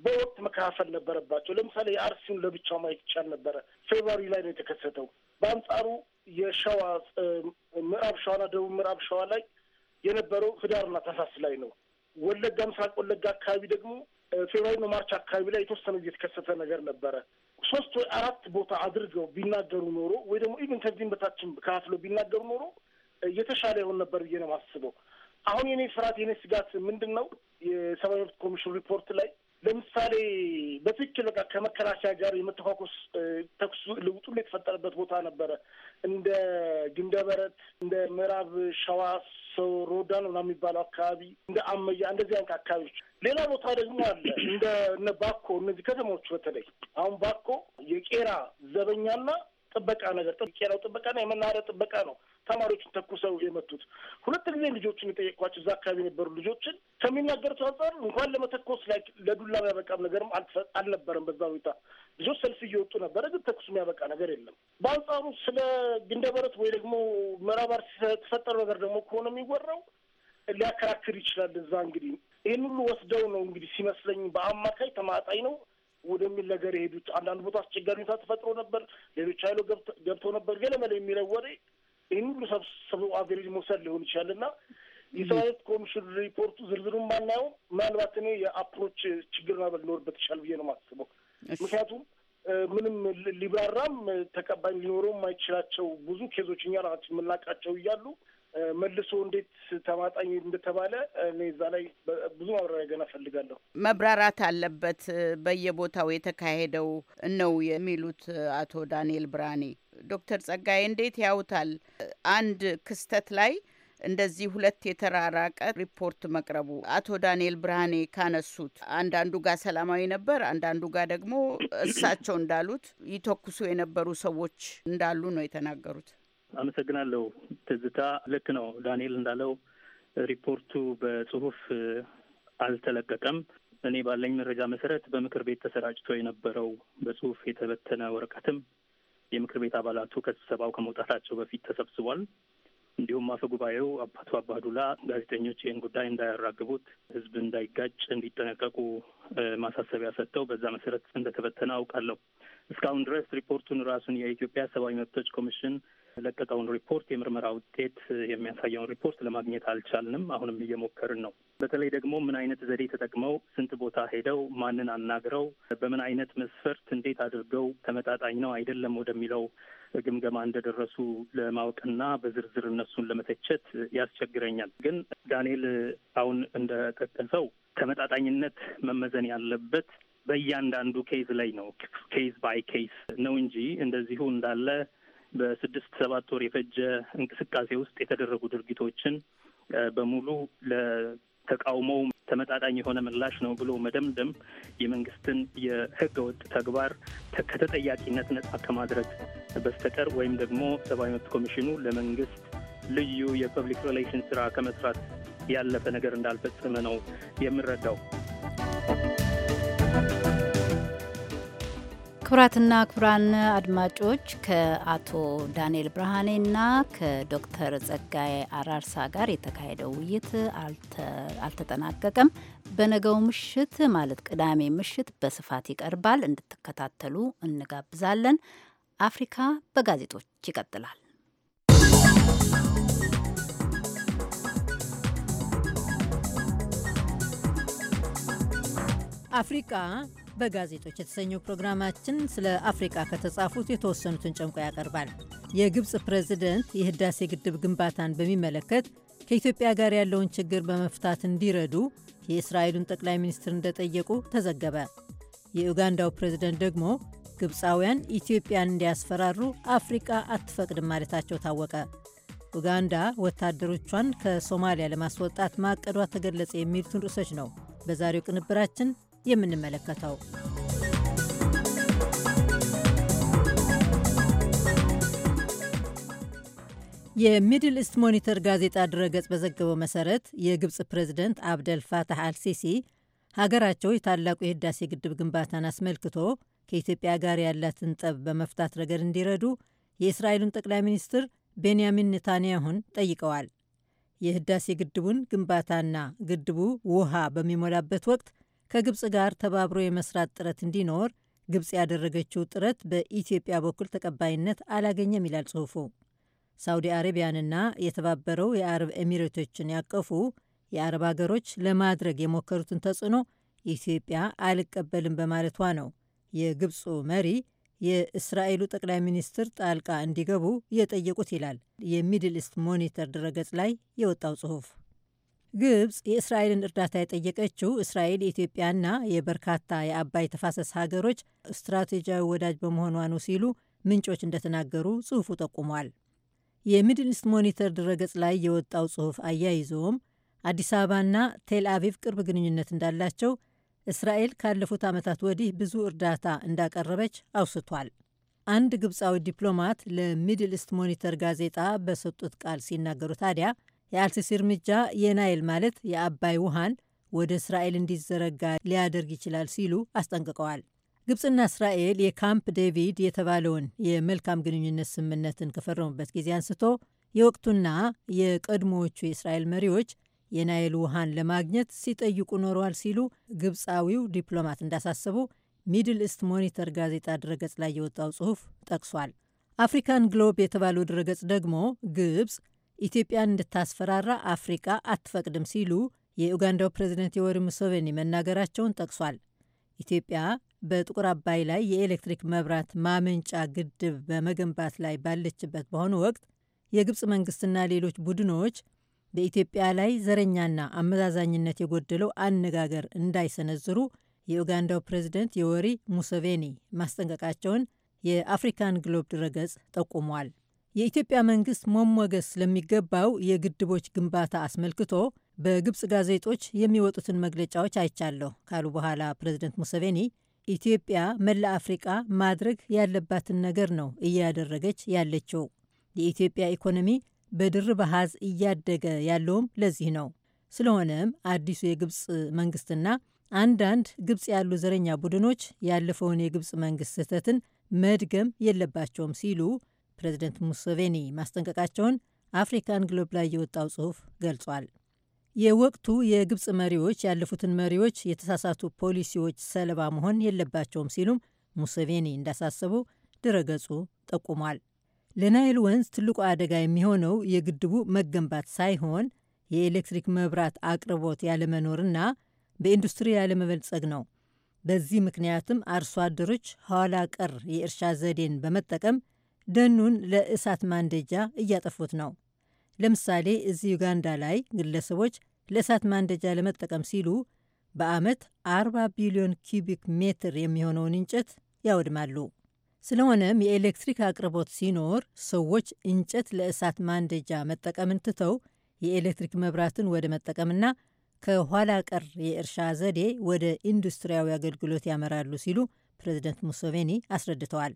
በወቅት መከፋፈል ነበረባቸው። ለምሳሌ የአርሲውን ለብቻው ማየት ይቻል ነበረ። ፌብሩዋሪ ላይ ነው የተከሰተው። በአንጻሩ የሸዋ ምዕራብ ሸዋና ደቡብ ምዕራብ ሸዋ ላይ የነበረው ህዳርና ታህሳስ ላይ ነው። ወለጋ፣ ምስራቅ ወለጋ አካባቢ ደግሞ ፌብራሪና ማርች አካባቢ ላይ የተወሰነ የተከሰተ ነገር ነበረ። ሶስት ወይ አራት ቦታ አድርገው ቢናገሩ ኖሮ ወይ ደግሞ ኢቭን ከዚህም በታችን ከፋፍለው ቢናገሩ ኖሮ የተሻለ ይሆን ነበር ብዬ ነው የማስበው። አሁን የኔ ፍርሃት የኔ ስጋት ምንድን ነው? የሰብአዊ መብት ኮሚሽን ሪፖርት ላይ ለምሳሌ በትክክል በቃ ከመከላከያ ጋር የመተኳኮስ ተኩሱ ልውጡ የተፈጠረበት ቦታ ነበረ። እንደ ግንደበረት፣ እንደ ምዕራብ ሸዋ ሰው ሮዳን ና የሚባለው አካባቢ፣ እንደ አመያ እንደዚህ አይነት አካባቢዎች። ሌላ ቦታ ደግሞ አለ እንደ እነ ባኮ፣ እነዚህ ከተሞች በተለይ አሁን ባኮ የቄራ ዘበኛና ጥበቃ ነገር ቄራው ጥበቃና የመናኸሪያ ጥበቃ ነው። ተማሪዎችን ተኩሰው የመቱት ሁለት ጊዜ ልጆችን የጠየኳቸው እዛ አካባቢ የነበሩ ልጆችን ከሚናገሩት አንጻር እንኳን ለመተኮስ ላይ ለዱላ ያበቃም ነገርም አልነበረም። በዛ ሁኔታ ልጆች ሰልፍ እየወጡ ነበረ፣ ግን ተኩስ የሚያበቃ ነገር የለም። በአንጻሩ ስለ ግንደበረት ወይ ደግሞ ምዕራብ አርሲ ነገር ደግሞ ከሆነ የሚወራው ሊያከራክር ይችላል። እዛ እንግዲህ ይህን ሁሉ ወስደው ነው እንግዲህ ሲመስለኝ በአማካይ ተማጣኝ ነው ወደሚል ነገር የሄዱት አንዳንድ ቦታ አስቸጋሪ ሁኔታ ተፈጥሮ ነበር፣ ሌሎች ሀይሎ ገብተው ነበር ገለመለ የሚለው ወሬ ይህን ሁሉ ሰብሰብ አቬሬጅ መውሰድ ሊሆን ይችላል እና የሰብአዊነት ኮሚሽን ሪፖርቱ ዝርዝሩን ማናየው ምናልባት እኔ የአፕሮች ችግር ማበል ሊኖርበት ይችላል ብዬ ነው የማስበው። ምክንያቱም ምንም ሊብራራም ተቀባይ ሊኖረው ማይችላቸው ብዙ ኬዞች እኛ ራሳችን የምናውቃቸው እያሉ መልሶ እንዴት ተማጣኝ እንደተባለ እኔ እዛ ላይ ብዙ ማብራሪያ ገና ፈልጋለሁ። መብራራት አለበት በየቦታው የተካሄደው ነው የሚሉት አቶ ዳንኤል ብርሃኔ። ዶክተር ጸጋዬ እንዴት ያውታል? አንድ ክስተት ላይ እንደዚህ ሁለት የተራራቀ ሪፖርት መቅረቡ አቶ ዳንኤል ብርሃኔ ካነሱት አንዳንዱ ጋር ሰላማዊ ነበር፣ አንዳንዱ ጋር ደግሞ እሳቸው እንዳሉት ይተኩሱ የነበሩ ሰዎች እንዳሉ ነው የተናገሩት። አመሰግናለሁ ትዝታ። ልክ ነው ዳንኤል እንዳለው ሪፖርቱ በጽሁፍ አልተለቀቀም። እኔ ባለኝ መረጃ መሰረት በምክር ቤት ተሰራጭቶ የነበረው በጽሁፍ የተበተነ ወረቀትም የምክር ቤት አባላቱ ከስብሰባው ከመውጣታቸው በፊት ተሰብስቧል። እንዲሁም አፈ ጉባኤው አባቱ አባዱላ ጋዜጠኞች ይህን ጉዳይ እንዳያራግቡት፣ ህዝብ እንዳይጋጭ እንዲጠነቀቁ ማሳሰቢያ ሰጥተው በዛ መሰረት እንደተበተነ አውቃለሁ። እስካሁን ድረስ ሪፖርቱን ራሱን የኢትዮጵያ ሰብአዊ መብቶች ኮሚሽን ለቀቀውን ሪፖርት የምርመራ ውጤት የሚያሳየውን ሪፖርት ለማግኘት አልቻልንም። አሁንም እየሞከርን ነው። በተለይ ደግሞ ምን አይነት ዘዴ ተጠቅመው ስንት ቦታ ሄደው ማንን አናግረው በምን አይነት መስፈርት እንዴት አድርገው ተመጣጣኝ ነው አይደለም ወደሚለው ግምገማ እንደደረሱ ለማወቅና በዝርዝር እነሱን ለመተቸት ያስቸግረኛል። ግን ዳንኤል አሁን እንደጠቀሰው ተመጣጣኝነት መመዘን ያለበት በእያንዳንዱ ኬዝ ላይ ነው። ኬዝ ባይ ኬዝ ነው እንጂ እንደዚሁ እንዳለ በስድስት ሰባት ወር የፈጀ እንቅስቃሴ ውስጥ የተደረጉ ድርጊቶችን በሙሉ ለተቃውሞው ተመጣጣኝ የሆነ ምላሽ ነው ብሎ መደምደም የመንግስትን የህገ ወጥ ተግባር ከተጠያቂነት ነጻ ከማድረግ በስተቀር ወይም ደግሞ ሰብአዊ መብት ኮሚሽኑ ለመንግስት ልዩ የፐብሊክ ሪሌሽን ስራ ከመስራት ያለፈ ነገር እንዳልፈጸመ ነው የምንረዳው። ክቡራትና ክቡራን አድማጮች ከአቶ ዳንኤል ብርሃኔና ከዶክተር ጸጋዬ አራርሳ ጋር የተካሄደው ውይይት አልተጠናቀቀም። በነገው ምሽት ማለት ቅዳሜ ምሽት በስፋት ይቀርባል። እንድትከታተሉ እንጋብዛለን። አፍሪካ በጋዜጦች ይቀጥላል። አፍሪካ በጋዜጦች የተሰኘው ፕሮግራማችን ስለ አፍሪቃ ከተጻፉት የተወሰኑትን ጨምቆ ያቀርባል። የግብፅ ፕሬዝደንት የህዳሴ ግድብ ግንባታን በሚመለከት ከኢትዮጵያ ጋር ያለውን ችግር በመፍታት እንዲረዱ የእስራኤሉን ጠቅላይ ሚኒስትር እንደጠየቁ ተዘገበ። የኡጋንዳው ፕሬዝደንት ደግሞ ግብፃውያን ኢትዮጵያን እንዲያስፈራሩ አፍሪቃ አትፈቅድም ማለታቸው ታወቀ። ኡጋንዳ ወታደሮቿን ከሶማሊያ ለማስወጣት ማቀዷ ተገለጸ። የሚሉትን ርዕሶች ነው በዛሬው ቅንብራችን የምንመለከተው። የሚድል ኢስት ሞኒተር ጋዜጣ ድረገጽ በዘገበው መሰረት የግብፅ ፕሬዚደንት አብደል ፋታህ አልሲሲ ሀገራቸው የታላቁ የህዳሴ ግድብ ግንባታን አስመልክቶ ከኢትዮጵያ ጋር ያላትን ጠብ በመፍታት ረገድ እንዲረዱ የእስራኤሉን ጠቅላይ ሚኒስትር ቤንያሚን ኔታንያሁን ጠይቀዋል። የህዳሴ ግድቡን ግንባታና ግድቡ ውሃ በሚሞላበት ወቅት ከግብፅ ጋር ተባብሮ የመስራት ጥረት እንዲኖር ግብፅ ያደረገችው ጥረት በኢትዮጵያ በኩል ተቀባይነት አላገኘም ይላል ጽሑፉ። ሳውዲ አረቢያንና የተባበረው የአረብ ኤሚሬቶችን ያቀፉ የአረብ ሀገሮች ለማድረግ የሞከሩትን ተጽዕኖ ኢትዮጵያ አልቀበልም በማለቷ ነው የግብፁ መሪ የእስራኤሉ ጠቅላይ ሚኒስትር ጣልቃ እንዲገቡ የጠየቁት ይላል የሚድል ኢስት ሞኒተር ድረገጽ ላይ የወጣው ጽሑፍ። ግብፅ የእስራኤልን እርዳታ የጠየቀችው እስራኤል የኢትዮጵያና የበርካታ የአባይ ተፋሰስ ሀገሮች ስትራቴጂያዊ ወዳጅ በመሆኗ ነው ሲሉ ምንጮች እንደተናገሩ ጽሑፉ ጠቁሟል። የሚድል ሞኒተር ድረገጽ ላይ የወጣው ጽሑፍ አያይዞም አዲስ አበባና ቴል አቪቭ ቅርብ ግንኙነት እንዳላቸው፣ እስራኤል ካለፉት ዓመታት ወዲህ ብዙ እርዳታ እንዳቀረበች አውስቷል። አንድ ግብፃዊ ዲፕሎማት ለሚድል ሞኒተር ጋዜጣ በሰጡት ቃል ሲናገሩ ታዲያ የአልሲሲ እርምጃ የናይል ማለት የአባይ ውሃን ወደ እስራኤል እንዲዘረጋ ሊያደርግ ይችላል ሲሉ አስጠንቅቀዋል። ግብፅና እስራኤል የካምፕ ዴቪድ የተባለውን የመልካም ግንኙነት ስምምነትን ከፈረሙበት ጊዜ አንስቶ የወቅቱና የቀድሞዎቹ የእስራኤል መሪዎች የናይል ውሃን ለማግኘት ሲጠይቁ ኖረዋል ሲሉ ግብፃዊው ዲፕሎማት እንዳሳሰቡ ሚድል ኢስት ሞኒተር ጋዜጣ ድረገጽ ላይ የወጣው ጽሑፍ ጠቅሷል። አፍሪካን ግሎብ የተባለው ድረገጽ ደግሞ ግብፅ ኢትዮጵያን እንድታስፈራራ አፍሪቃ አትፈቅድም ሲሉ የኡጋንዳው ፕሬዚደንት ዮወሪ ሙሴቬኒ መናገራቸውን ጠቅሷል። ኢትዮጵያ በጥቁር አባይ ላይ የኤሌክትሪክ መብራት ማመንጫ ግድብ በመገንባት ላይ ባለችበት በአሁኑ ወቅት የግብፅ መንግስትና ሌሎች ቡድኖች በኢትዮጵያ ላይ ዘረኛና አመዛዛኝነት የጎደለው አነጋገር እንዳይሰነዝሩ የኡጋንዳው ፕሬዚደንት ዮወሪ ሙሴቬኒ ማስጠንቀቃቸውን የአፍሪካን ግሎብ ድረገጽ ጠቁሟል። የኢትዮጵያ መንግስት መሞገስ ስለሚገባው የግድቦች ግንባታ አስመልክቶ በግብፅ ጋዜጦች የሚወጡትን መግለጫዎች አይቻለሁ ካሉ በኋላ ፕሬዚደንት ሙሰቬኒ ኢትዮጵያ መላ አፍሪቃ ማድረግ ያለባትን ነገር ነው እያደረገች ያለችው። የኢትዮጵያ ኢኮኖሚ በድርብ አሃዝ እያደገ ያለውም ለዚህ ነው። ስለሆነም አዲሱ የግብፅ መንግስትና አንዳንድ ግብፅ ያሉ ዘረኛ ቡድኖች ያለፈውን የግብፅ መንግስት ስህተትን መድገም የለባቸውም ሲሉ ፕሬዚደንት ሙሶቬኒ ማስጠንቀቃቸውን አፍሪካን ግሎብ ላይ የወጣው ጽሑፍ ገልጿል። የወቅቱ የግብፅ መሪዎች ያለፉትን መሪዎች የተሳሳቱ ፖሊሲዎች ሰለባ መሆን የለባቸውም ሲሉም ሙሶቬኒ እንዳሳሰቡ ድረገጹ ጠቁሟል። ለናይል ወንዝ ትልቁ አደጋ የሚሆነው የግድቡ መገንባት ሳይሆን የኤሌክትሪክ መብራት አቅርቦት ያለመኖርና በኢንዱስትሪ ያለመበልጸግ ነው። በዚህ ምክንያትም አርሶ አደሮች ኋላ ቀር የእርሻ ዘዴን በመጠቀም ደኑን ለእሳት ማንደጃ እያጠፉት ነው። ለምሳሌ እዚህ ዩጋንዳ ላይ ግለሰቦች ለእሳት ማንደጃ ለመጠቀም ሲሉ በዓመት 40 ቢሊዮን ኪቢክ ሜትር የሚሆነውን እንጨት ያወድማሉ። ስለሆነም የኤሌክትሪክ አቅርቦት ሲኖር ሰዎች እንጨት ለእሳት ማንደጃ መጠቀምን ትተው የኤሌክትሪክ መብራትን ወደ መጠቀምና ከኋላ ቀር የእርሻ ዘዴ ወደ ኢንዱስትሪያዊ አገልግሎት ያመራሉ ሲሉ ፕሬዚደንት ሙሶቬኒ አስረድተዋል።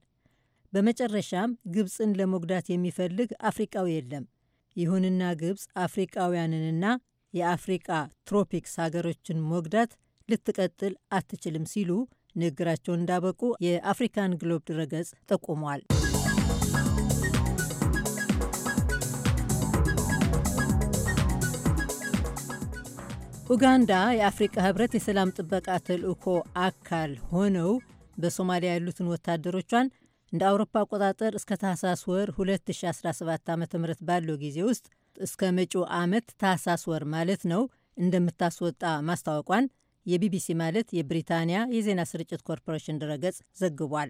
በመጨረሻም ግብፅን ለመጉዳት የሚፈልግ አፍሪቃዊ የለም። ይሁንና ግብፅ አፍሪቃውያንንና የአፍሪቃ ትሮፒክስ ሀገሮችን መጉዳት ልትቀጥል አትችልም ሲሉ ንግግራቸውን እንዳበቁ የአፍሪካን ግሎብ ድረገጽ ጠቁሟል። ኡጋንዳ የአፍሪቃ ህብረት የሰላም ጥበቃ ተልእኮ አካል ሆነው በሶማሊያ ያሉትን ወታደሮቿን እንደ አውሮፓ አቆጣጠር እስከ ታህሳስ ወር 2017 ዓ ም ባለው ጊዜ ውስጥ እስከ መጪው ዓመት ታህሳስ ወር ማለት ነው እንደምታስወጣ ማስታወቋን የቢቢሲ ማለት የብሪታንያ የዜና ስርጭት ኮርፖሬሽን ድረገጽ ዘግቧል።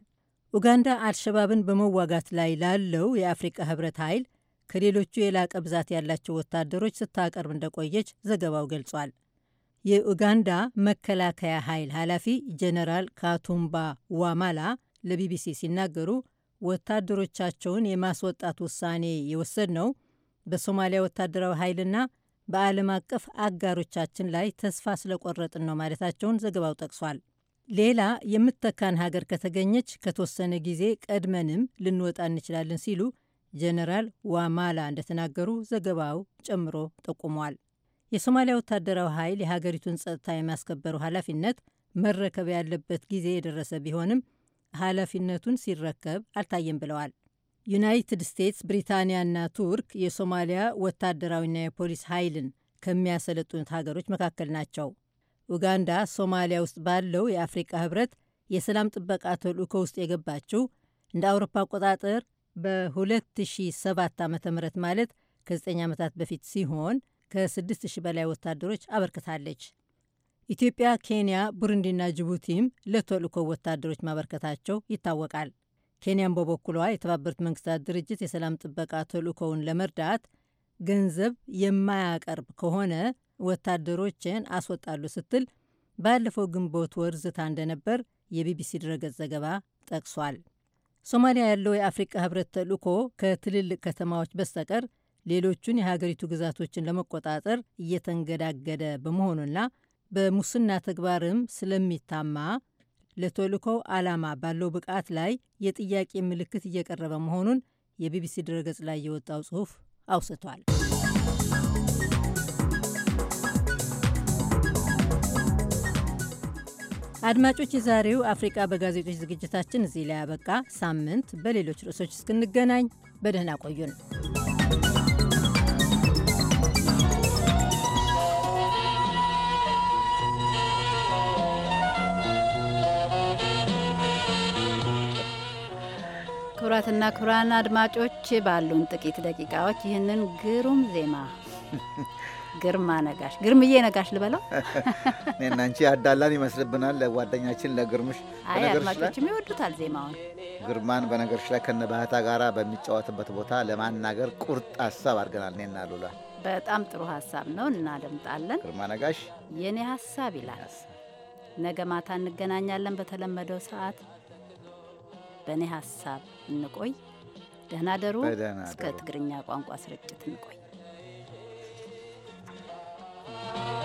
ኡጋንዳ አልሸባብን በመዋጋት ላይ ላለው የአፍሪቃ ህብረት ኃይል ከሌሎቹ የላቀ ብዛት ያላቸው ወታደሮች ስታቀርብ እንደቆየች ዘገባው ገልጿል። የኡጋንዳ መከላከያ ኃይል ኃላፊ ጀነራል ካቱምባ ዋማላ ለቢቢሲ ሲናገሩ ወታደሮቻቸውን የማስወጣት ውሳኔ የወሰድነው በሶማሊያ ወታደራዊ ኃይልና በዓለም አቀፍ አጋሮቻችን ላይ ተስፋ ስለቆረጥን ነው ማለታቸውን ዘገባው ጠቅሷል። ሌላ የምትተካን ሀገር ከተገኘች ከተወሰነ ጊዜ ቀድመንም ልንወጣ እንችላለን ሲሉ ጀነራል ዋማላ እንደተናገሩ ዘገባው ጨምሮ ጠቁሟል። የሶማሊያ ወታደራዊ ኃይል የሀገሪቱን ጸጥታ የማስከበሩ ኃላፊነት መረከብ ያለበት ጊዜ የደረሰ ቢሆንም ኃላፊነቱን ሲረከብ አልታየም ብለዋል። ዩናይትድ ስቴትስ፣ ብሪታንያና ቱርክ የሶማሊያ ወታደራዊና የፖሊስ ኃይልን ከሚያሰለጥኑት ሀገሮች መካከል ናቸው። ኡጋንዳ ሶማሊያ ውስጥ ባለው የአፍሪቃ ህብረት የሰላም ጥበቃ ተልእኮ ውስጥ የገባችው እንደ አውሮፓ አቆጣጠር በ2007 ዓ ም ማለት ከ9 ዓመታት በፊት ሲሆን ከ6000 በላይ ወታደሮች አበርክታለች። ኢትዮጵያ፣ ኬንያ፣ ቡሩንዲና ጅቡቲም ለተልእኮ ወታደሮች ማበርከታቸው ይታወቃል። ኬንያም በበኩሏ የተባበሩት መንግስታት ድርጅት የሰላም ጥበቃ ተልእኮውን ለመርዳት ገንዘብ የማያቀርብ ከሆነ ወታደሮችን አስወጣሉ ስትል ባለፈው ግንቦት ወር ዝታ እንደነበር የቢቢሲ ድረገጽ ዘገባ ጠቅሷል። ሶማሊያ ያለው የአፍሪቃ ህብረት ተልእኮ ከትልልቅ ከተማዎች በስተቀር ሌሎቹን የሀገሪቱ ግዛቶችን ለመቆጣጠር እየተንገዳገደ በመሆኑና በሙስና ተግባርም ስለሚታማ ለተልእኮው ዓላማ ባለው ብቃት ላይ የጥያቄ ምልክት እየቀረበ መሆኑን የቢቢሲ ድረገጽ ላይ የወጣው ጽሑፍ አውስቷል። አድማጮች፣ የዛሬው አፍሪቃ በጋዜጦች ዝግጅታችን እዚህ ላይ ያበቃ። ሳምንት በሌሎች ርዕሶች እስክንገናኝ በደህና ቆዩን። ነው። ክቡራትና ክቡራን አድማጮች ባሉን ጥቂት ደቂቃዎች ይህንን ግሩም ዜማ *laughs* ግርማ ነጋሽ ግርምዬ ነጋሽ ልበለው እኔና አንቺ አዳላን ይመስልብናል። ለጓደኛችን ለግርምሽ አድማጮችም ይወዱታል ዜማውን። ግርማን በነገርሽ ላይ ከነ ባህታ ጋራ በሚጫወትበት ቦታ ለማናገር ቁርጥ ሀሳብ አድርገናል። እኔና ሉላ በጣም ጥሩ ሀሳብ ነው፣ እናደምጣለን። ግርማ ነጋሽ የእኔ ሀሳብ ይላል። ነገ ማታ እንገናኛለን በተለመደው ሰዓት በእኔ ሀሳብ እንቆይ። ደህና ደሩ። እስከ ትግርኛ ቋንቋ ስርጭት እንቆይ። Thank you.